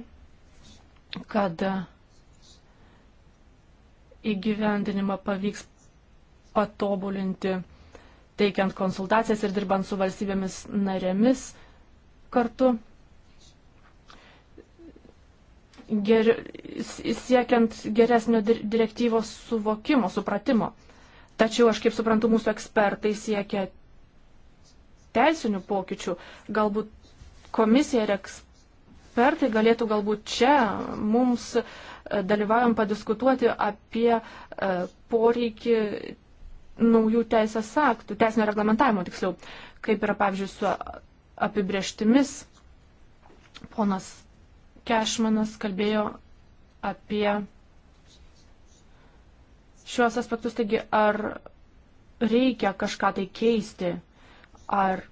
kad įgyvendinimą pavyks patobulinti teikiant konsultacijas ir dirbant su valstybėmis narėmis kartu, ger, siekiant geresnio dir, direktyvos suvokimo, supratimo. Tačiau, aš kaip suprantu, mūsų ekspertai siekia teisinių pokyčių. Galbūt komisija ir ekspertai galėtų galbūt čia mums e, dalyvaujam padiskutuoti apie e, poreikį naujų teisės aktų, teisinio reglamentavimo tiksliau, kaip yra pavyzdžiui su apibrieštimis. Ponas Kešmanas kalbėjo apie šiuos aspektus, taigi ar reikia kažką tai keisti, ar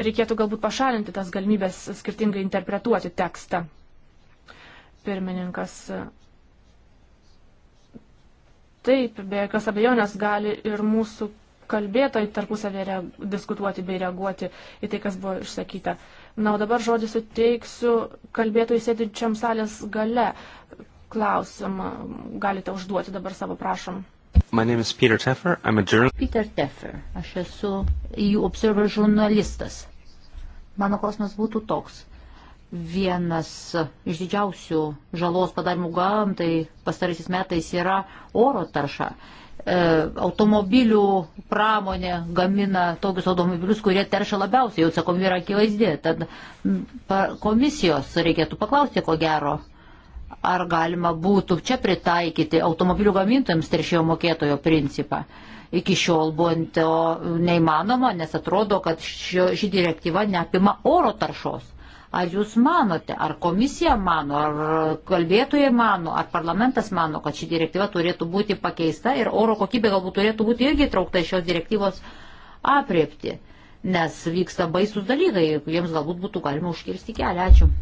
reikėtų galbūt pašalinti tas galimybės skirtingai interpretuoti tekstą. Pirmininkas. Taip, be jokios abejonės gali ir mūsų kalbėtojai tarpusavėje diskutuoti bei reaguoti į tai, kas buvo išsakyta. Na, o dabar žodį suteiksiu kalbėtojai sėdinčiam salės gale. Klausimą galite užduoti dabar savo, prašom. My name is Peter Teffer. I'm a journalist. Peter Teffer. Aš esu EU Observer žurnalistas. Mano klausimas būtų toks. Vienas iš didžiausių žalos padarimų gamtai pastarysis metais yra oro tarša. E, automobilių pramonė gamina tokius automobilius, kurie teršia labiausiai, jau atsakomybė yra akivaizdė. Tad komisijos reikėtų paklausti, ko gero, ar galima būtų čia pritaikyti automobilių gamintojams teršėjo mokėtojo principą. Iki šiol buvo to neįmanoma, nes atrodo, kad šio, ši direktyva neapima oro taršos. Ar jūs manote, ar komisija mano, ar kalbėtojai mano, ar parlamentas mano, kad ši direktyva turėtų būti pakeista ir oro kokybė galbūt turėtų būti irgi traukta iš šios direktyvos apriepti, nes vyksta baisus dalykai, jiems galbūt būtų galima užkirsti kelią. Ačiū.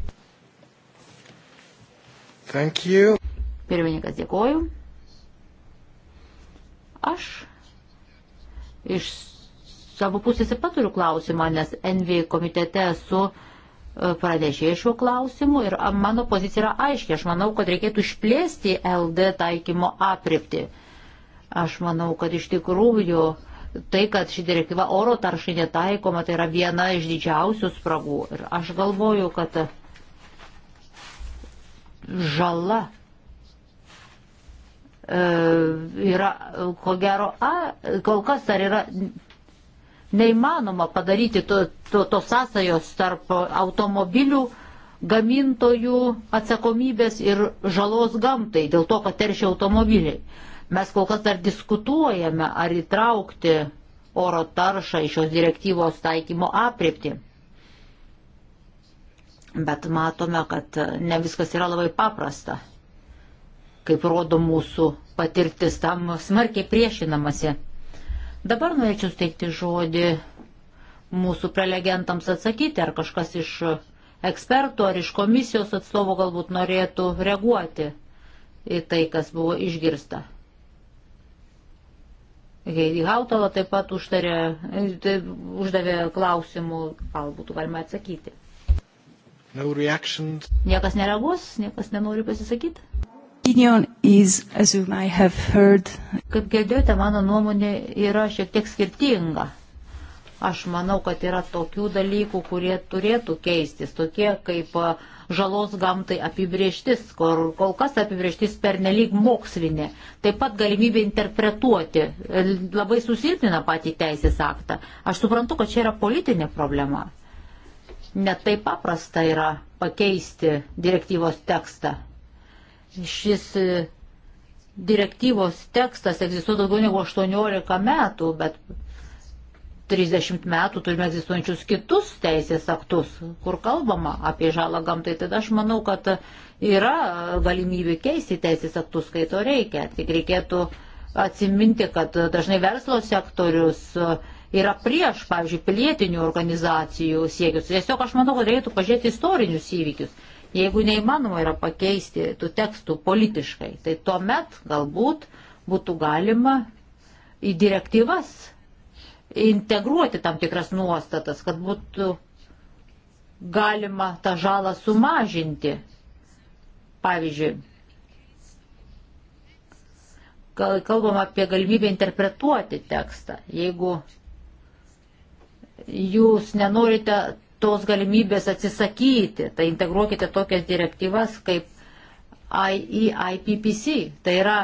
Thank you. Pirmininkas dėkoju. Aš iš savo pusės ir paturiu klausimą, nes NV komitete esu e, pranešėjai šiuo klausimu ir mano pozicija yra aiškia. Aš manau, kad reikėtų išplėsti LD taikymo aprypti. Aš manau, kad iš tikrųjų tai, kad ši direktyva oro taršai netaikoma, tai yra viena iš didžiausių spragų. Ir aš galvoju, kad žala e, yra, ko gero, a, kol kas dar yra neįmanoma padaryti to, to, to sąsajos tarp automobilių gamintojų atsakomybės ir žalos gamtai dėl to, kad teršia automobiliai. Mes kol kas dar diskutuojame, ar įtraukti oro taršą į šios direktyvos taikymo apriepti. Bet matome, kad ne viskas yra labai paprasta. Kaip rodo mūsų patirtis, tam smarkiai priešinamasi. Dabar norėčiau steigti žodį mūsų prelegentams atsakyti, ar kažkas iš ekspertų ar iš komisijos atstovų galbūt norėtų reaguoti į tai, kas buvo išgirsta. Heidi Hautala taip pat užtarė, tai uždavė klausimų, gal būtų galima atsakyti. No reaction. Niekas nereaguos, niekas nenori pasisakyti. Is, heard... Kaip girdėjote, mano nuomonė yra šiek tiek skirtinga. Aš manau, kad yra tokių dalykų, kurie turėtų keistis, tokie kaip žalos gamtai apibrieštis, kur kol kas apibrieštis pernelyg mokslinė. Taip pat galimybė interpretuoti e, labai susilpnina patį teisės aktą. Aš suprantu, kad čia yra politinė problema netai paprasta yra pakeisti direktyvos tekstą. Šis e, direktyvos tekstas egzistuoja daugiau negu 18 metų, bet 30 metų turime egzistuojančius kitus teisės aktus, kur kalbama apie žalą gamtai. Tada aš manau, kad yra galimybė keisti teisės aktus, kai to reikia. Tik reikėtų atsiminti, kad dažnai verslo sektorius uh, yra prieš, pavyzdžiui, pilietinių organizacijų siekius. Tiesiog aš manau, kad reikėtų pažiūrėti istorinius įvykius. Jeigu neįmanoma yra pakeisti tų tekstų politiškai, tai tuomet galbūt būtų galima į direktyvas integruoti tam tikras nuostatas, kad būtų galima tą žalą sumažinti. Pavyzdžiui, kalbam apie galimybę interpretuoti tekstą. Jeigu jūs nenorite tos galimybės atsisakyti, tai integruokite tokias direktyvas kaip IEIPPC, tai yra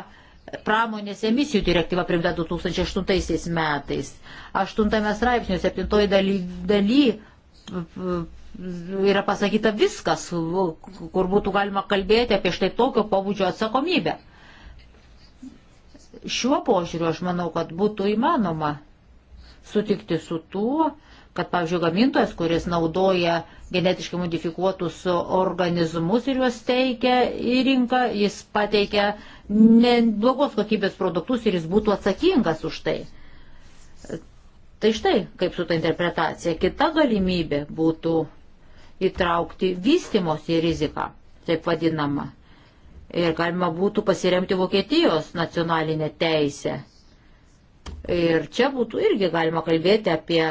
pramonės emisijų direktyva primta 2008 metais. Aštuntame straipsnio septintoj daly, daly yra pasakyta viskas, kur būtų galima kalbėti apie štai tokio pobūdžio atsakomybę. Šiuo požiūriu aš manau, kad būtų įmanoma sutikti su tuo, kad, pavyzdžiui, gamintojas, kuris naudoja genetiškai modifikuotus organizmus ir juos teikia į rinką, jis pateikia blogos kokybės produktus ir jis būtų atsakingas už tai. Tai štai, kaip su ta interpretacija. Kita galimybė būtų įtraukti vystimosi riziką, taip vadinama. Ir galima būtų pasiremti Vokietijos nacionalinę teisę Ir čia būtų irgi galima kalbėti apie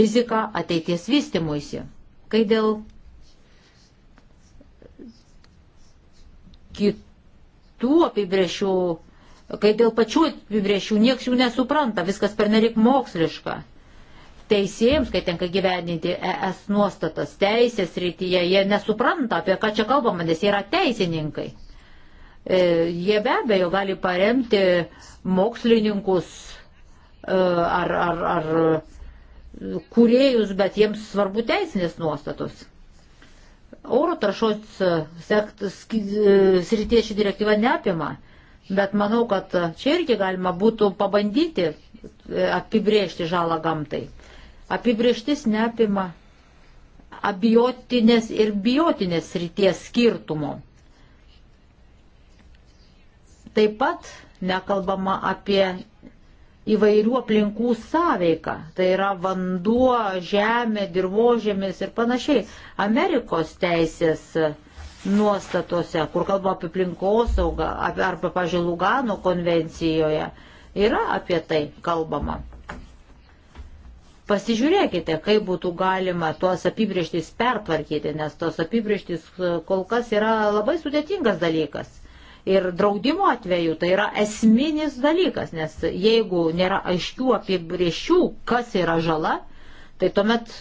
riziką ateities vystimuisi. Kai dėl kitų apibrėšių, kai dėl pačių apibrėšių nieks jų nesupranta, viskas pernelik moksliška. Teisėjams, kai tenka gyveninti ES nuostatas teisės rytyje, jie nesupranta, apie ką čia kalbama, nes jie yra teisininkai. E, jie be abejo gali paremti mokslininkus e, ar, ar, ar kuriejus, bet jiems svarbu teisinės nuostatos. Oro taršos e, srityje ši direktyva neapima, bet manau, kad čia irgi galima būtų pabandyti apibriežti žalą gamtai. Apibrieštis neapima abiotinės ir biotinės srities skirtumo. Taip pat nekalbama apie įvairių aplinkų sąveiką. Tai yra vanduo, žemė, dirbožėmis ir panašiai. Amerikos teisės nuostatose, kur kalba apie aplinkosaugą, arba, pažiūrėjau, Lugano konvencijoje, yra apie tai kalbama. Pasižiūrėkite, kaip būtų galima tuos apibrieštis pertvarkyti, nes tos apibrieštis kol kas yra labai sudėtingas dalykas. Ir draudimo atveju tai yra esminis dalykas, nes jeigu nėra aiškių apibriešių, kas yra žala, tai tuomet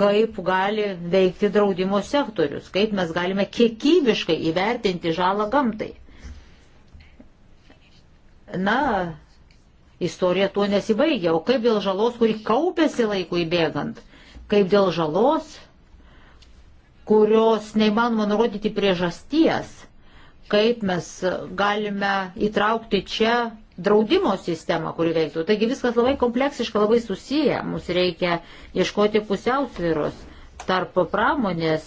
kaip gali veikti draudimo sektorius, kaip mes galime kiekybiškai įvertinti žalą gamtai. Na, istorija tuo nesibaigia, o kaip dėl žalos, kuri kaupėsi laikui bėgant, kaip dėl žalos, kurios neįmanoma nurodyti priežasties, kaip mes galime įtraukti čia draudimo sistemą, kuri veiktų. Taigi viskas labai kompleksiška, labai susiję. Mums reikia ieškoti pusiausvyros tarp pramonės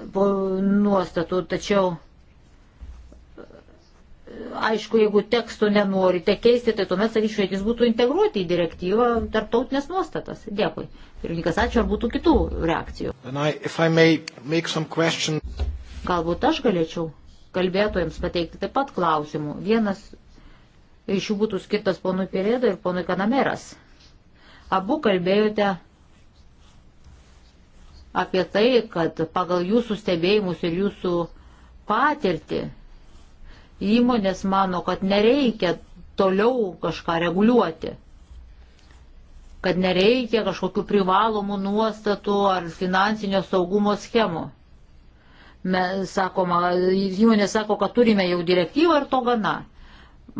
nuostatų, tačiau aišku, jeigu teksto nenorite keisti, tai tuomet, sakyčiau, jis būtų integruoti į direktyvą tarptautinės nuostatas. Dėkui. Pirmininkas, ačiū, ar būtų kitų reakcijų. I, I question... Galbūt aš galėčiau kalbėtojams pateikti taip pat klausimų. Vienas iš jų būtų skirtas ponui Pirėdo ir ponui Kanameras. Abu kalbėjote apie tai, kad pagal jūsų stebėjimus ir jūsų patirtį įmonės mano, kad nereikia toliau kažką reguliuoti, kad nereikia kažkokių privalomų nuostatų ar finansinio saugumo schemų. Mes sakoma, įmonė sako, kad turime jau direktyvą ir to gana.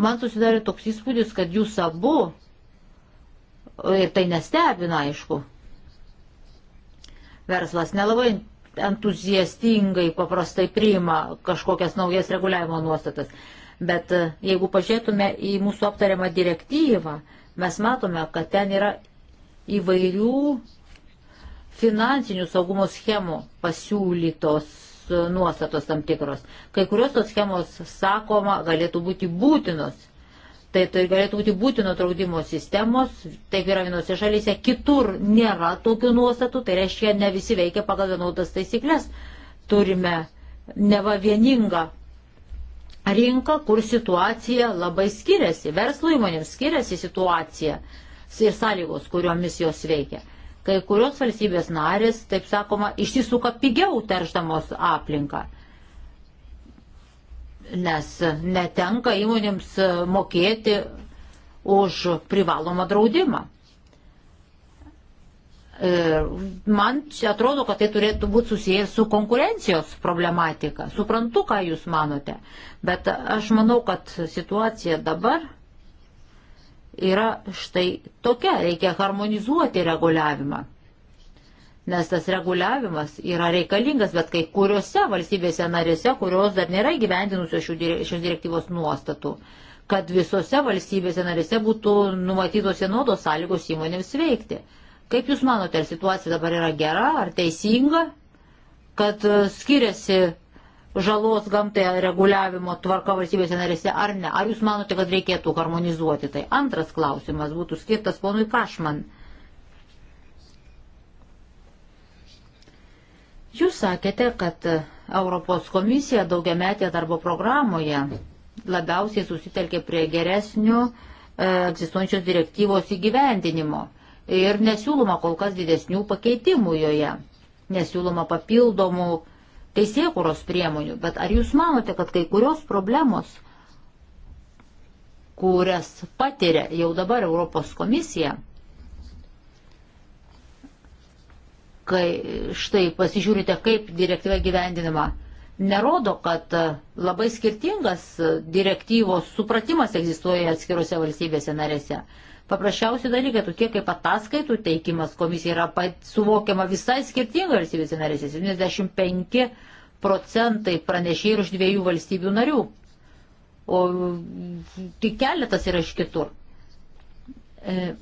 Man susidarė toks įspūdis, kad jūs abu, ir tai nestebina, aišku, verslas nelabai entuziastingai paprastai priima kažkokias naujas reguliavimo nuostatas. Bet e, jeigu pažiūrėtume į mūsų aptariamą direktyvą, mes matome, kad ten yra įvairių finansinių saugumo schemų pasiūlytos nuostatos tam tikros. Kai kurios tos schemos, sakoma, galėtų būti būtinos. Tai, tai galėtų būti būtino draudimo sistemos, taip yra vienose šalyse, kitur nėra tokių nuostatų, tai reiškia, ne visi veikia pagal vienodas taisyklės. Turime neva vieningą rinką, kur situacija labai skiriasi, verslo įmonėms skiriasi situacija ir sąlygos, kuriomis jos veikia. Kai kurios valstybės narės, taip sakoma, išsisuka pigiau teršdamos aplinką, nes netenka įmonėms mokėti už privalomą draudimą. Ir man čia atrodo, kad tai turėtų būti susijęs su konkurencijos problematika. Suprantu, ką jūs manote, bet aš manau, kad situacija dabar yra štai tokia, reikia harmonizuoti reguliavimą. Nes tas reguliavimas yra reikalingas, bet kai kuriuose valstybėse narėse, kurios dar nėra gyvendinusios šios direktyvos nuostatų, kad visose valstybėse narėse būtų numatytos vienodos sąlygos įmonėms veikti. Kaip Jūs manote, ar situacija dabar yra gera, ar teisinga, kad e, skiriasi žalos gamtai reguliavimo tvarka valstybėse narėse ar ne? Ar jūs manote, kad reikėtų harmonizuoti tai? Antras klausimas būtų skirtas ponui Kašman. Jūs sakėte, kad Europos komisija daugiametė darbo programoje labiausiai susitelkė prie geresnių e, egzistuojančios direktyvos įgyvendinimo ir nesiūloma kol kas didesnių pakeitimų joje, nesiūloma papildomų teisėkuros priemonių, bet ar jūs manote, kad kai kurios problemos, kurias patiria jau dabar Europos komisija, kai štai pasižiūrite, kaip direktyva gyvendinama, nerodo, kad labai skirtingas direktyvos supratimas egzistuoja atskirose valstybėse narėse. Paprasčiausi dalykai, tokie kaip ataskaitų teikimas komisija yra suvokiama visai skirtingai valstybėse narėse. 75 procentai pranešėjų iš dviejų valstybių narių, o mm, tik keletas yra iš kitur. E,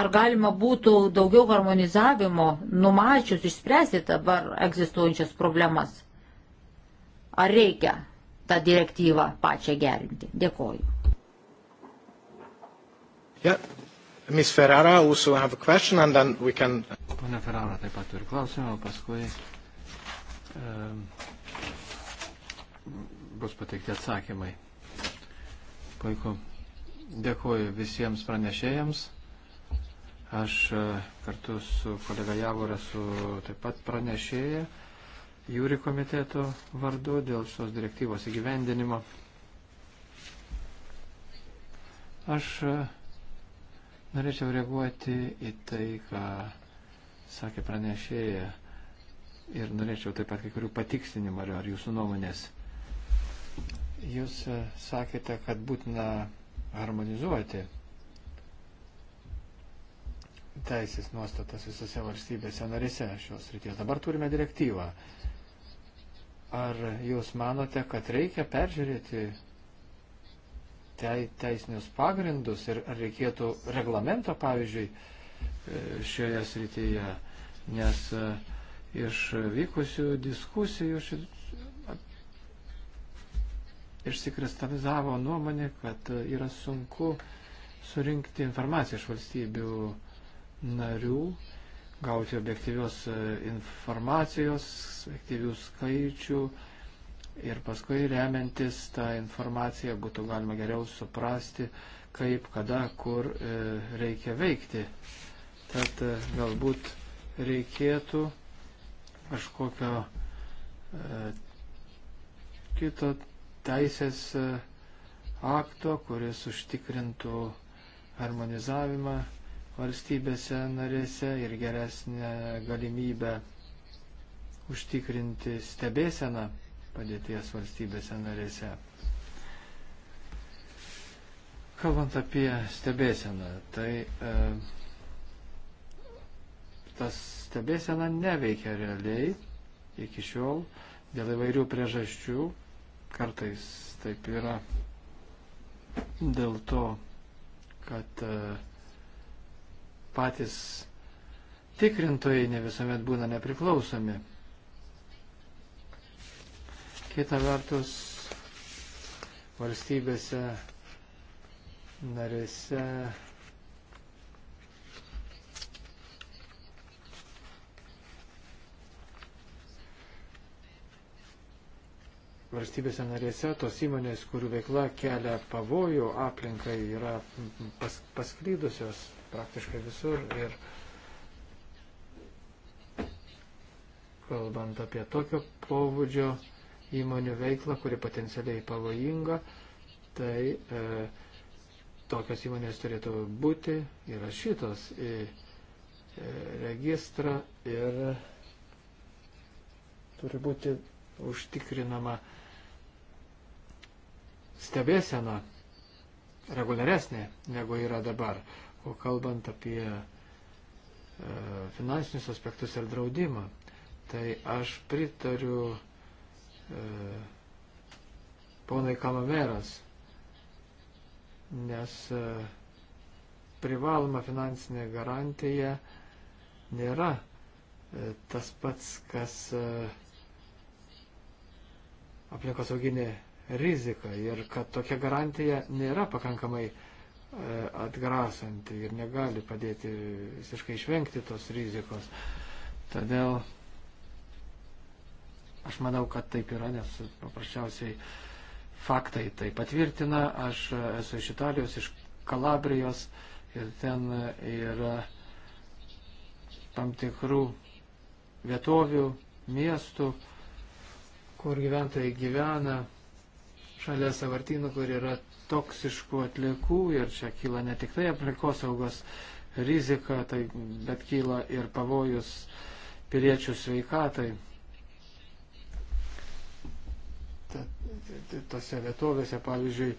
ar galima būtų daugiau harmonizavimo numačius išspręsti dabar egzistuojančias problemas? Ar reikia tą direktyvą pačią gerinti? Dėkoju. Yeah. Ms. Ferrara also have a question and then we can... Pone Ferrara taip pat turi klausimą, o paskui um, bus pateikti atsakymai. Puiku. Dėkuoju visiems pranešėjams. Aš e, kartu su kolega Javor esu taip pat pranešėja jūri komiteto vardu dėl šios direktyvos įgyvendinimo. Aš uh, Norėčiau reaguoti į tai, ką sakė pranešėja ir norėčiau taip pat kai kurių patikslinimų ar, ar jūsų nuomonės. Jūs e, sakėte, kad būtina harmonizuoti teisės nuostatas visose valstybėse narėse šios ryties. Dabar turime direktyvą. Ar jūs manote, kad reikia peržiūrėti tei, teisinius pagrindus ir ar reikėtų reglamento, pavyzdžiui, e, šioje srityje, nes e, iš vykusių diskusijų ši... išsikristalizavo nuomonė, kad e, yra sunku surinkti informaciją iš valstybių narių, gauti objektyvios informacijos, objektyvių skaičių, ir paskui remiantis tą informaciją būtų galima geriau suprasti, kaip, kada, kur e, reikia veikti. Tad e, galbūt reikėtų kažkokio e, kito teisės akto, kuris užtikrintų harmonizavimą valstybėse narėse ir geresnę galimybę užtikrinti stebėseną padėties valstybėse narėse. Kalbant apie stebėseną, tai e, tas stebėsena neveikia realiai iki šiol dėl įvairių priežasčių. Kartais taip yra dėl to, kad e, patys tikrintojai ne visuomet būna nepriklausomi Kita vertus, valstybėse narėse Valstybėse narėse tos įmonės, kurių veikla kelia pavojų aplinkai, yra pas, pasklydusios praktiškai visur ir kalbant apie tokio pobūdžio įmonių veiklą, kuri potencialiai pavojinga, tai e, tokios įmonės turėtų būti įrašytos į e, e registrą ir turi būti užtikrinama stebėsena reguliaresnė negu yra dabar. O kalbant apie e, finansinius aspektus ir draudimą, tai aš pritariu E, ponai Kalameras, nes e, privaloma finansinė garantija nėra e, tas pats, kas aplinkosauginė rizika ir kad tokia garantija nėra pakankamai atgrasanti ir negali padėti visiškai išvengti tos rizikos. Todėl Aš manau, kad taip yra, nes paprasčiausiai faktai tai patvirtina. Aš esu iš Italijos, iš Kalabrijos ir ten yra tam tikrų vietovių, miestų, kur gyventojai gyvena šalia savartynų, kur yra toksiškų atliekų ir čia kyla ne tik tai aplinkosaugos rizika, tai, bet kyla ir pavojus piliečių sveikatai. tose vietovėse, pavyzdžiui,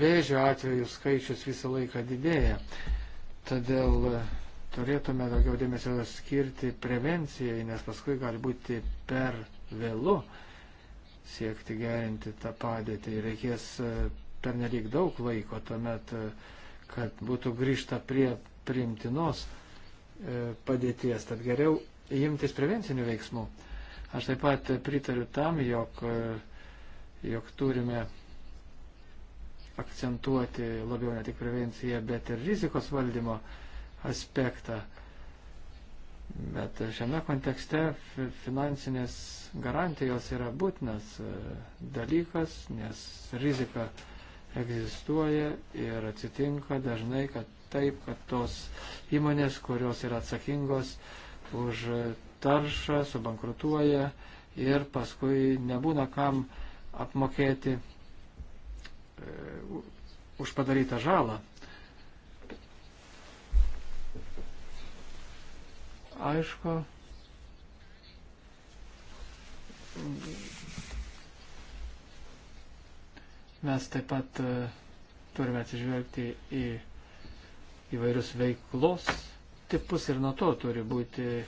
vėžio atveju skaičius visą laiką didėja. Todėl e, turėtume daugiau dėmesio skirti prevencijai, nes paskui gali būti per vėlu siekti gerinti tą padėtį. Reikės e, per nelik daug laiko tuomet, e, kad būtų grįžta prie primtinos padėties. Tad geriau imtis prevencinių veiksmų. Aš taip pat pritariu tam, jog jog turime akcentuoti labiau ne tik prevenciją, bet ir rizikos valdymo aspektą. Bet šiame kontekste finansinės garantijos yra būtinas e, dalykas, nes rizika egzistuoja ir atsitinka dažnai, kad taip, kad tos įmonės, kurios yra atsakingos už taršą, subankrutuoja ir paskui nebūna kam uh, apmokėti e, už padarytą žalą. Aišku, mes taip pat e, turime atsižvelgti į įvairius veiklos tipus ir nuo to turi būti e,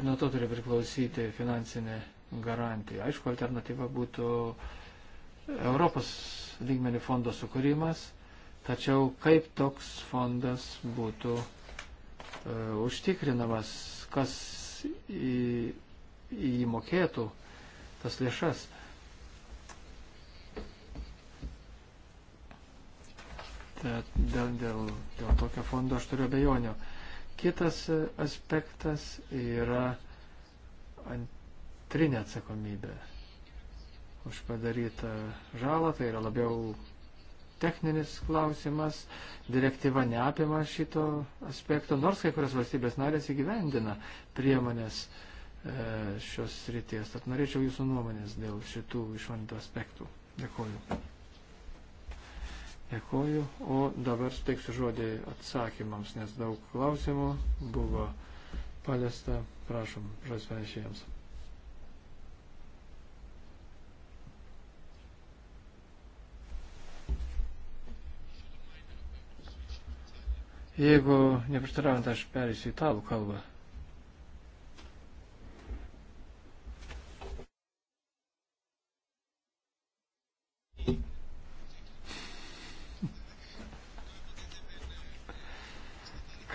ir nuo to turi priklausyti finansinė garantijų. Aišku, alternatyva būtų Europos lygmenių fondo sukūrimas, tačiau kaip toks fondas būtų e, užtikrinamas, kas į, jį mokėtų tas lėšas. Tad dėl, dėl, dėl tokio fondo aš turiu abejonių. Kitas aspektas yra ant antrinę atsakomybę už padarytą žalą, tai yra labiau techninis klausimas, direktyva neapima šito aspekto, nors kai kurios valstybės narės įgyvendina priemonės e, šios ryties. Tad norėčiau jūsų nuomonės dėl šitų išmanytų aspektų. Dėkuoju. Dėkuoju. O dabar suteiksiu žodį atsakymams, nes daug klausimų buvo paliesta. Prašom, žodis pranešėjams. Jeigu neprieštaraujant, aš perėsiu į italų kalbą.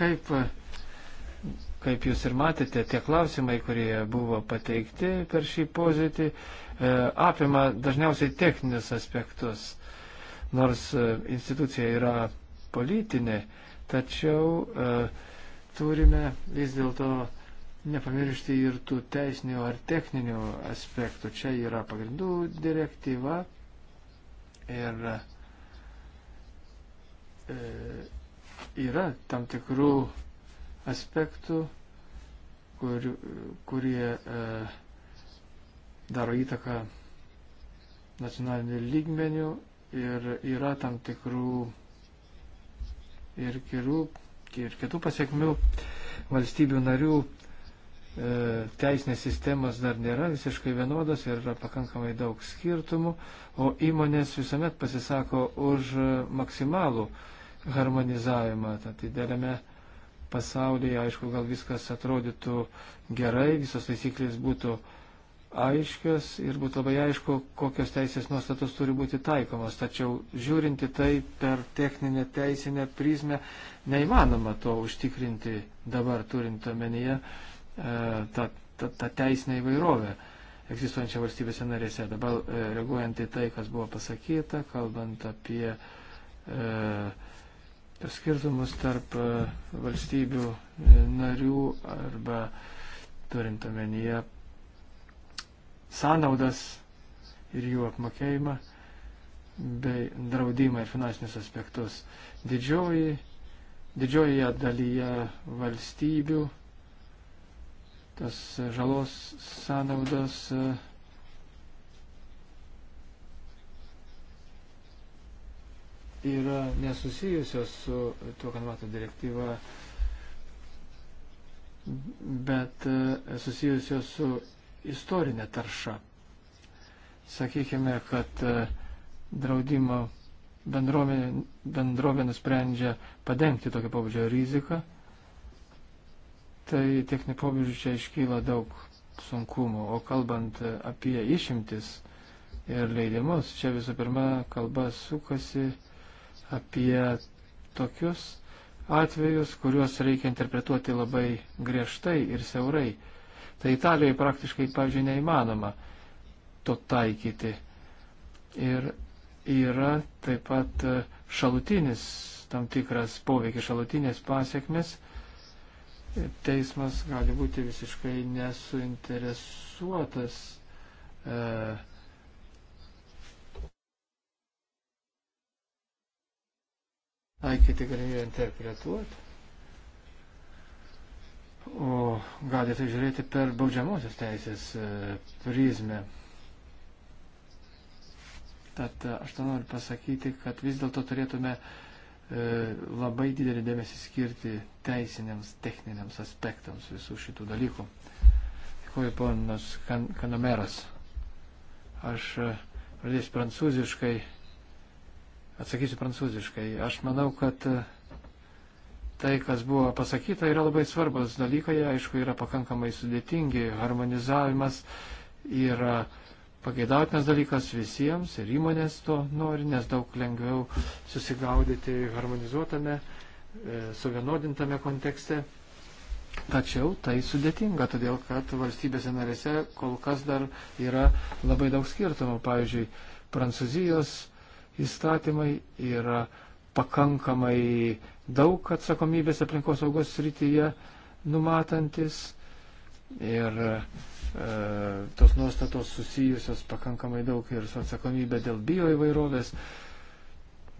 Kaip, kaip jūs ir matėte, tie klausimai, kurie buvo pateikti per šį pozitį, e, apima dažniausiai techninius aspektus. Nors e, institucija yra politinė, Tačiau e, turime vis dėlto nepamiršti ir tų teisinių ar techninių aspektų. Čia yra pagrindų direktyva ir e, yra tam tikrų aspektų, kur, kurie e, daro įtaką nacionalinių lygmenių ir yra tam tikrų ir, kirų, ir kitų pasiekmių valstybių narių e, teisinės sistemas dar nėra visiškai vienodos ir yra pakankamai daug skirtumų, o įmonės visuomet pasisako už maksimalų harmonizavimą. Tad didelėme pasaulyje, aišku, gal viskas atrodytų gerai, visos taisyklės būtų e, aiškios ir būtų labai aišku, kokios teisės nuostatos turi būti taikomos. Tačiau žiūrinti tai per techninę teisinę prizmę, neįmanoma to užtikrinti dabar turint omenyje e, tą, tą, tą teisinę įvairovę egzistuojančią valstybėse narėse. Dabar e, reaguojant į tai, kas buvo pasakyta, kalbant apie e, skirtumus tarp e, valstybių e, narių arba turint omenyje sąnaudas ir jų apmokėjimą bei draudimą ir finansinius aspektus. Didžioji, didžioje dalyje valstybių tas žalos sąnaudos e, yra nesusijusios su tuo, kad mato direktyva, bet e, susijusios su istorinė tarša. Sakykime, kad e, draudimo bendrovė, bendrovė nusprendžia padengti tokią pobūdžio riziką, tai techninio pobūdžio čia iškyla daug sunkumų. O kalbant apie išimtis ir leidimus, čia visų pirma kalba sukasi apie tokius atvejus, kuriuos reikia interpretuoti labai griežtai ir siaurai. Tai Italijoje praktiškai, pavyzdžiui, neįmanoma to taikyti. Ir yra taip pat e, šalutinis tam tikras poveikis, šalutinės pasiekmes. E, teismas gali būti visiškai nesuinteresuotas. E, taikyti galimybę interpretuoti o gali tai žiūrėti per baudžiamosios teisės e, prizmę. Tad e, aš tą noriu pasakyti, kad vis dėlto turėtume e, labai didelį dėmesį skirti teisiniams, techniniams aspektams visų šitų dalykų. Dėkuoju, ponas kan Kanomeras. Aš e, pradėsiu prancūziškai, atsakysiu prancūziškai. Aš manau, kad e, tai, kas buvo pasakyta, yra labai svarbus dalykai, aišku, yra pakankamai sudėtingi, harmonizavimas yra pageidautinas dalykas visiems ir įmonės to nori, nes daug lengviau susigaudyti harmonizuotame, e, suvienodintame kontekste. Tačiau tai sudėtinga, todėl kad valstybėse narėse kol kas dar yra labai daug skirtumų. Pavyzdžiui, Prancūzijos įstatymai yra pakankamai daug atsakomybės aplinkos saugos srityje numatantis ir e, tos nuostatos susijusios pakankamai daug ir su atsakomybė dėl bioįvairovės,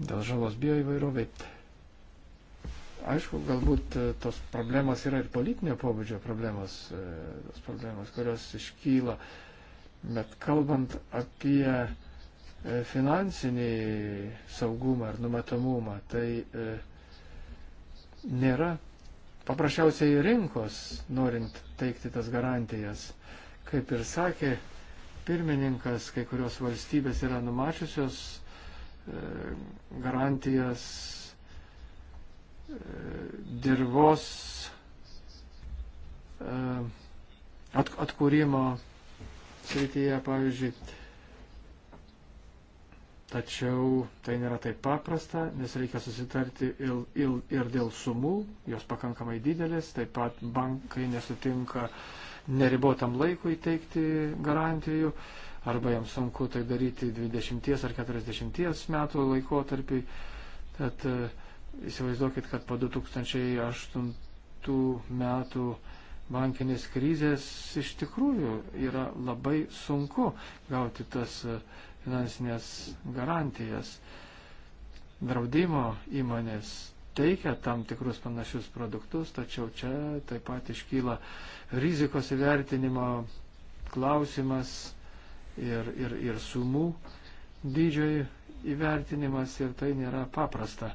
dėl žalos bioįvairoviai. Aišku, galbūt e, tos problemos yra ir politinio pobūdžio problemos, e, tos problemos, kurios iškyla, bet kalbant apie e, finansinį saugumą ir numatomumą, tai e, nėra paprasčiausiai rinkos, norint teikti tas garantijas. Kaip ir sakė pirmininkas, kai kurios valstybės yra numačiusios e, garantijas e, dirvos e, atkūrimo srityje, pavyzdžiui, Tačiau tai nėra taip paprasta, nes reikia susitarti il, il, ir dėl sumų, jos pakankamai didelės, taip pat bankai nesutinka neribotam laikui teikti garantijų, arba jam sunku tai daryti 20 ar 40 metų laikotarpį. Tad e, įsivaizduokit, kad po 2008 metų bankinės krizės iš tikrųjų yra labai sunku gauti tas uh, finansinės garantijas. Draudimo įmonės teikia tam tikrus panašius produktus, tačiau čia taip pat iškyla rizikos įvertinimo klausimas ir, ir, ir sumų dydžiai įvertinimas ir tai nėra paprasta.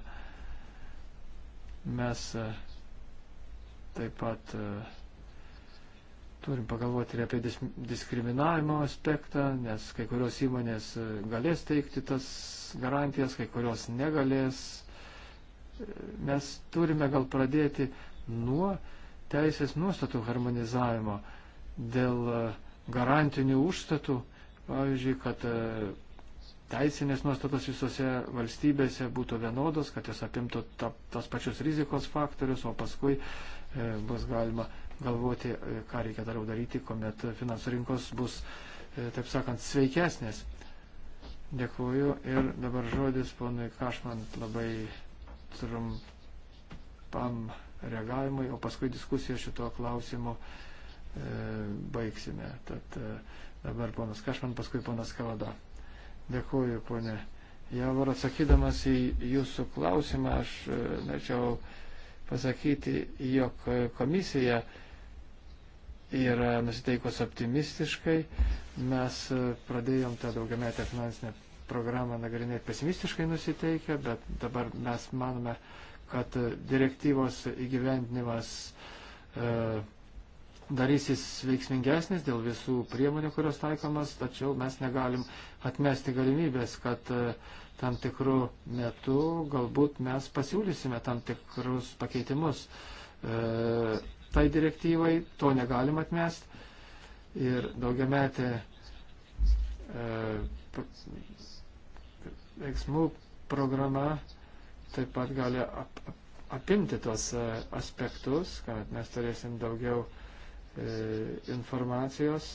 Mes e, taip pat uh, Turim pagalvoti ir apie diskriminavimo aspektą, nes kai kurios įmonės e, galės teikti tas garantijas, kai kurios negalės. E, mes turime gal pradėti nuo teisės nuostatų harmonizavimo dėl e, garantinių užstatų, pavyzdžiui, kad teisinės nuostatos visose valstybėse būtų vienodos, kad jos apimtų ta, tos pačius rizikos faktorius, o paskui e, bus galima galvoti, e, ką reikia toliau daryti, kuomet finansų rinkos bus, e, taip sakant, sveikesnės. Dėkuoju ir dabar žodis ponui Kašman labai trumpam reagavimui, o paskui diskusiją šito klausimu e, baigsime. Tad e, dabar ponas Kašman, paskui ponas Kavada. Dėkuoju, ponė. Javor, atsakydamas į jūsų klausimą, aš e, norėčiau pasakyti, jog komisija yra nusiteikus optimistiškai. Mes e, pradėjom tą daugiametę finansinę programą nagrinėti pesimistiškai nusiteikę, bet dabar mes manome, kad e, direktyvos įgyvendinimas e, darysis veiksmingesnis dėl visų priemonių, kurios taikomas, tačiau mes negalim atmesti galimybės, kad e, tam tikrų metų galbūt mes pasiūlysime tam tikrus pakeitimus e, tai direktyvai, to negalim atmesti. Ir daugiametė e, veiksmų programa taip pat gali ap, apimti tuos e, aspektus, kad mes turėsim daugiau e, informacijos,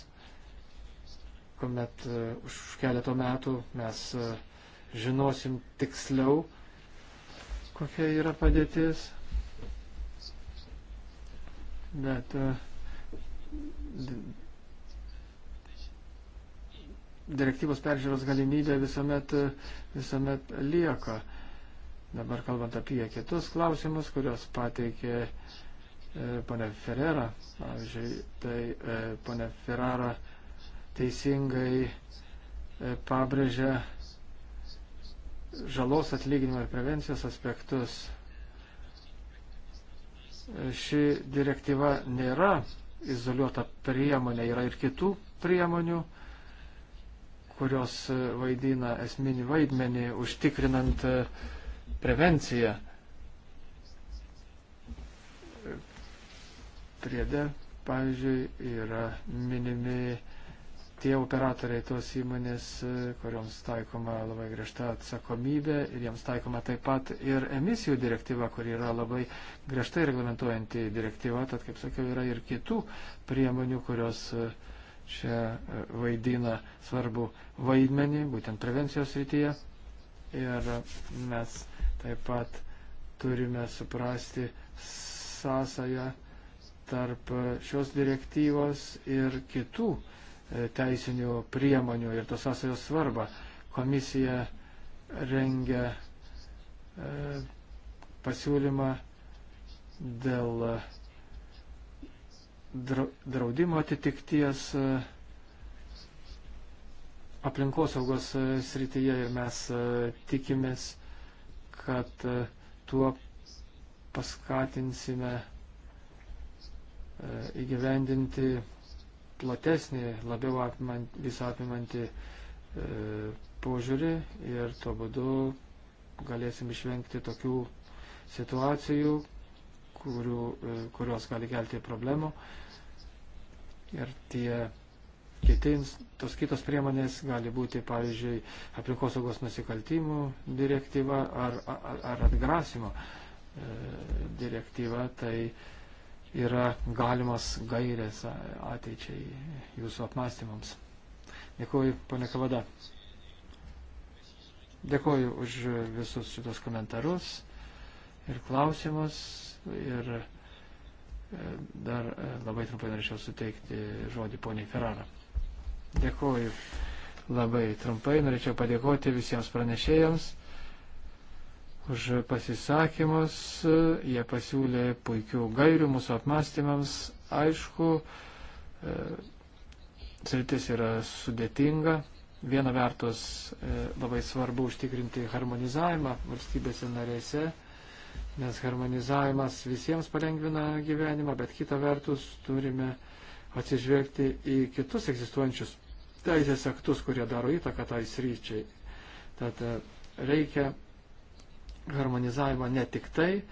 kuomet už keletą metų mes žinosim tiksliau, kokia yra padėtis bet e, direktyvos peržiūros galimybė visuomet, e, visuomet lieka. Dabar kalbant apie kitus klausimus, kuriuos pateikė e, ponė Ferrera, pavyzdžiui, tai e, ponė Ferrara teisingai e, pabrėžia žalos atlyginimo ir prevencijos aspektus ši direktyva nėra izoliuota priemonė, yra ir kitų priemonių, kurios vaidina esminį vaidmenį užtikrinant e, prevenciją. Priede, pavyzdžiui, yra minimi tie operatoriai, tos įmonės, e, kuriuoms taikoma labai griežta atsakomybė ir jiems taikoma taip pat ir emisijų direktyva, kuri yra labai griežtai reglamentuojanti direktyva, tad, kaip sakiau, yra ir kitų priemonių, kurios e, čia e, vaidina svarbu vaidmenį, būtent prevencijos rytyje. Ir mes taip pat turime suprasti sąsąją tarp šios direktyvos ir kitų uh, E, teisinių priemonių ir tos sąsajos svarbą. Komisija rengia e, pasiūlymą dėl e, draudimo atitikties aplinkosaugos srityje ir mes tikimės, kad tuo paskatinsime įgyvendinti platesnį, labiau apimant, visą apimantį e, požiūrį ir tuo būdu galėsim išvengti tokių situacijų, kurių, e, kurios gali kelti problemų. Ir tie kiti, tos kitos priemonės gali būti, pavyzdžiui, aplinkosaugos nusikaltimų direktyva ar, ar, ar atgrasimo e, direktyva. Tai, e, yra galimas gairės ateičiai jūsų apmąstymams. Dėkuoju, ponė Kavada. Dėkuoju už visus šitos komentarus ir klausimus. Ir e, dar e, labai trumpai norėčiau suteikti žodį poniai Ferrara. Dėkuoju labai trumpai. Norėčiau padėkoti visiems pranešėjams už pasisakymus. Jie pasiūlė puikių gairių mūsų apmąstymams. Aišku, e, sritis yra sudėtinga. Viena vertus e, labai svarbu užtikrinti harmonizavimą valstybėse narėse, nes harmonizavimas visiems palengvina gyvenimą, bet kita vertus turime atsižvelgti į kitus egzistuojančius teisės aktus, kurie daro įtaką tai sryčiai. Tad e, reikia harmonizavimą ne tik tai e,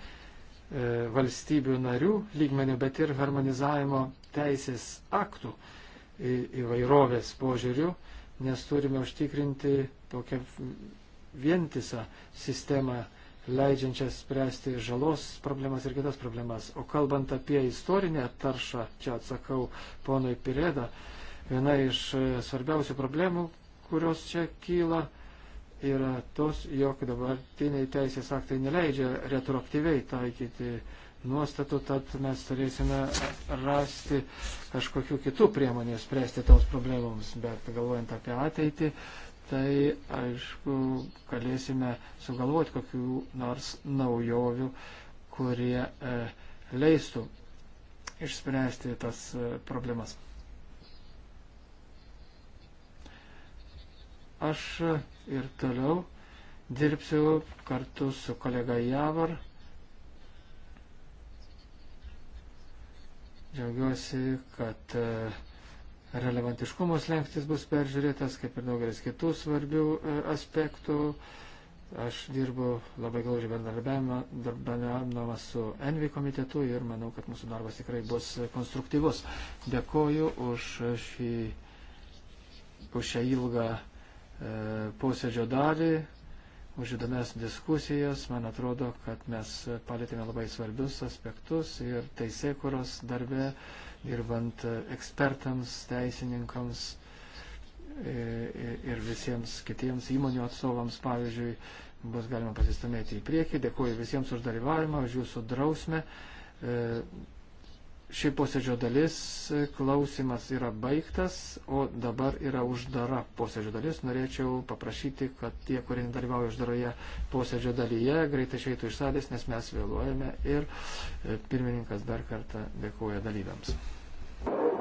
valstybių narių lygmenių, bet ir harmonizavimo teisės aktų įvairovės požiūrių, nes turime užtikrinti tokią vientisą sistemą, leidžiančią spręsti žalos problemas ir kitas problemas. O kalbant apie istorinę taršą, čia atsakau ponui Pirėdą, viena iš e, svarbiausių problemų, kurios čia kyla, yra tos, jog dabartiniai teisės aktai neleidžia retroaktyviai taikyti nuostatų, tad mes turėsime rasti kažkokių kitų priemonių spręsti tos problemoms, bet galvojant apie ateitį, tai aišku, galėsime sugalvoti kokių nors naujovių, kurie e, leistų išspręsti tas e, problemas. Aš e, ir toliau dirbsiu kartu su kolega Javor. Džiaugiuosi, kad e, relevantiškumos lenktis bus peržiūrėtas, kaip ir daugelis kitų svarbių e, aspektų. Aš dirbu labai glaudžiai bendradarbiavimą su Envi komitetu ir manau, kad mūsų darbas tikrai bus konstruktyvus. Dėkoju už šį už šią ilgą E, posėdžio dalį, už įdomias diskusijas. Man atrodo, kad mes palėtėme labai svarbius aspektus ir teisėkuros darbe, dirbant ekspertams, teisininkams e, e, ir visiems kitiems įmonių atstovams, pavyzdžiui, bus galima pasistumėti į priekį. Dėkuoju visiems už dalyvavimą, už jūsų drausmę. Ši posėdžio dalis e, klausimas yra baigtas, o dabar yra uždara posėdžio dalis. Norėčiau paprašyti, kad tie, kurie nedalyvauja uždaroje posėdžio dalyje, greitai išeitų iš salės, nes mes vėluojame ir e, pirmininkas dar kartą dėkoja dalyviams. Thank you.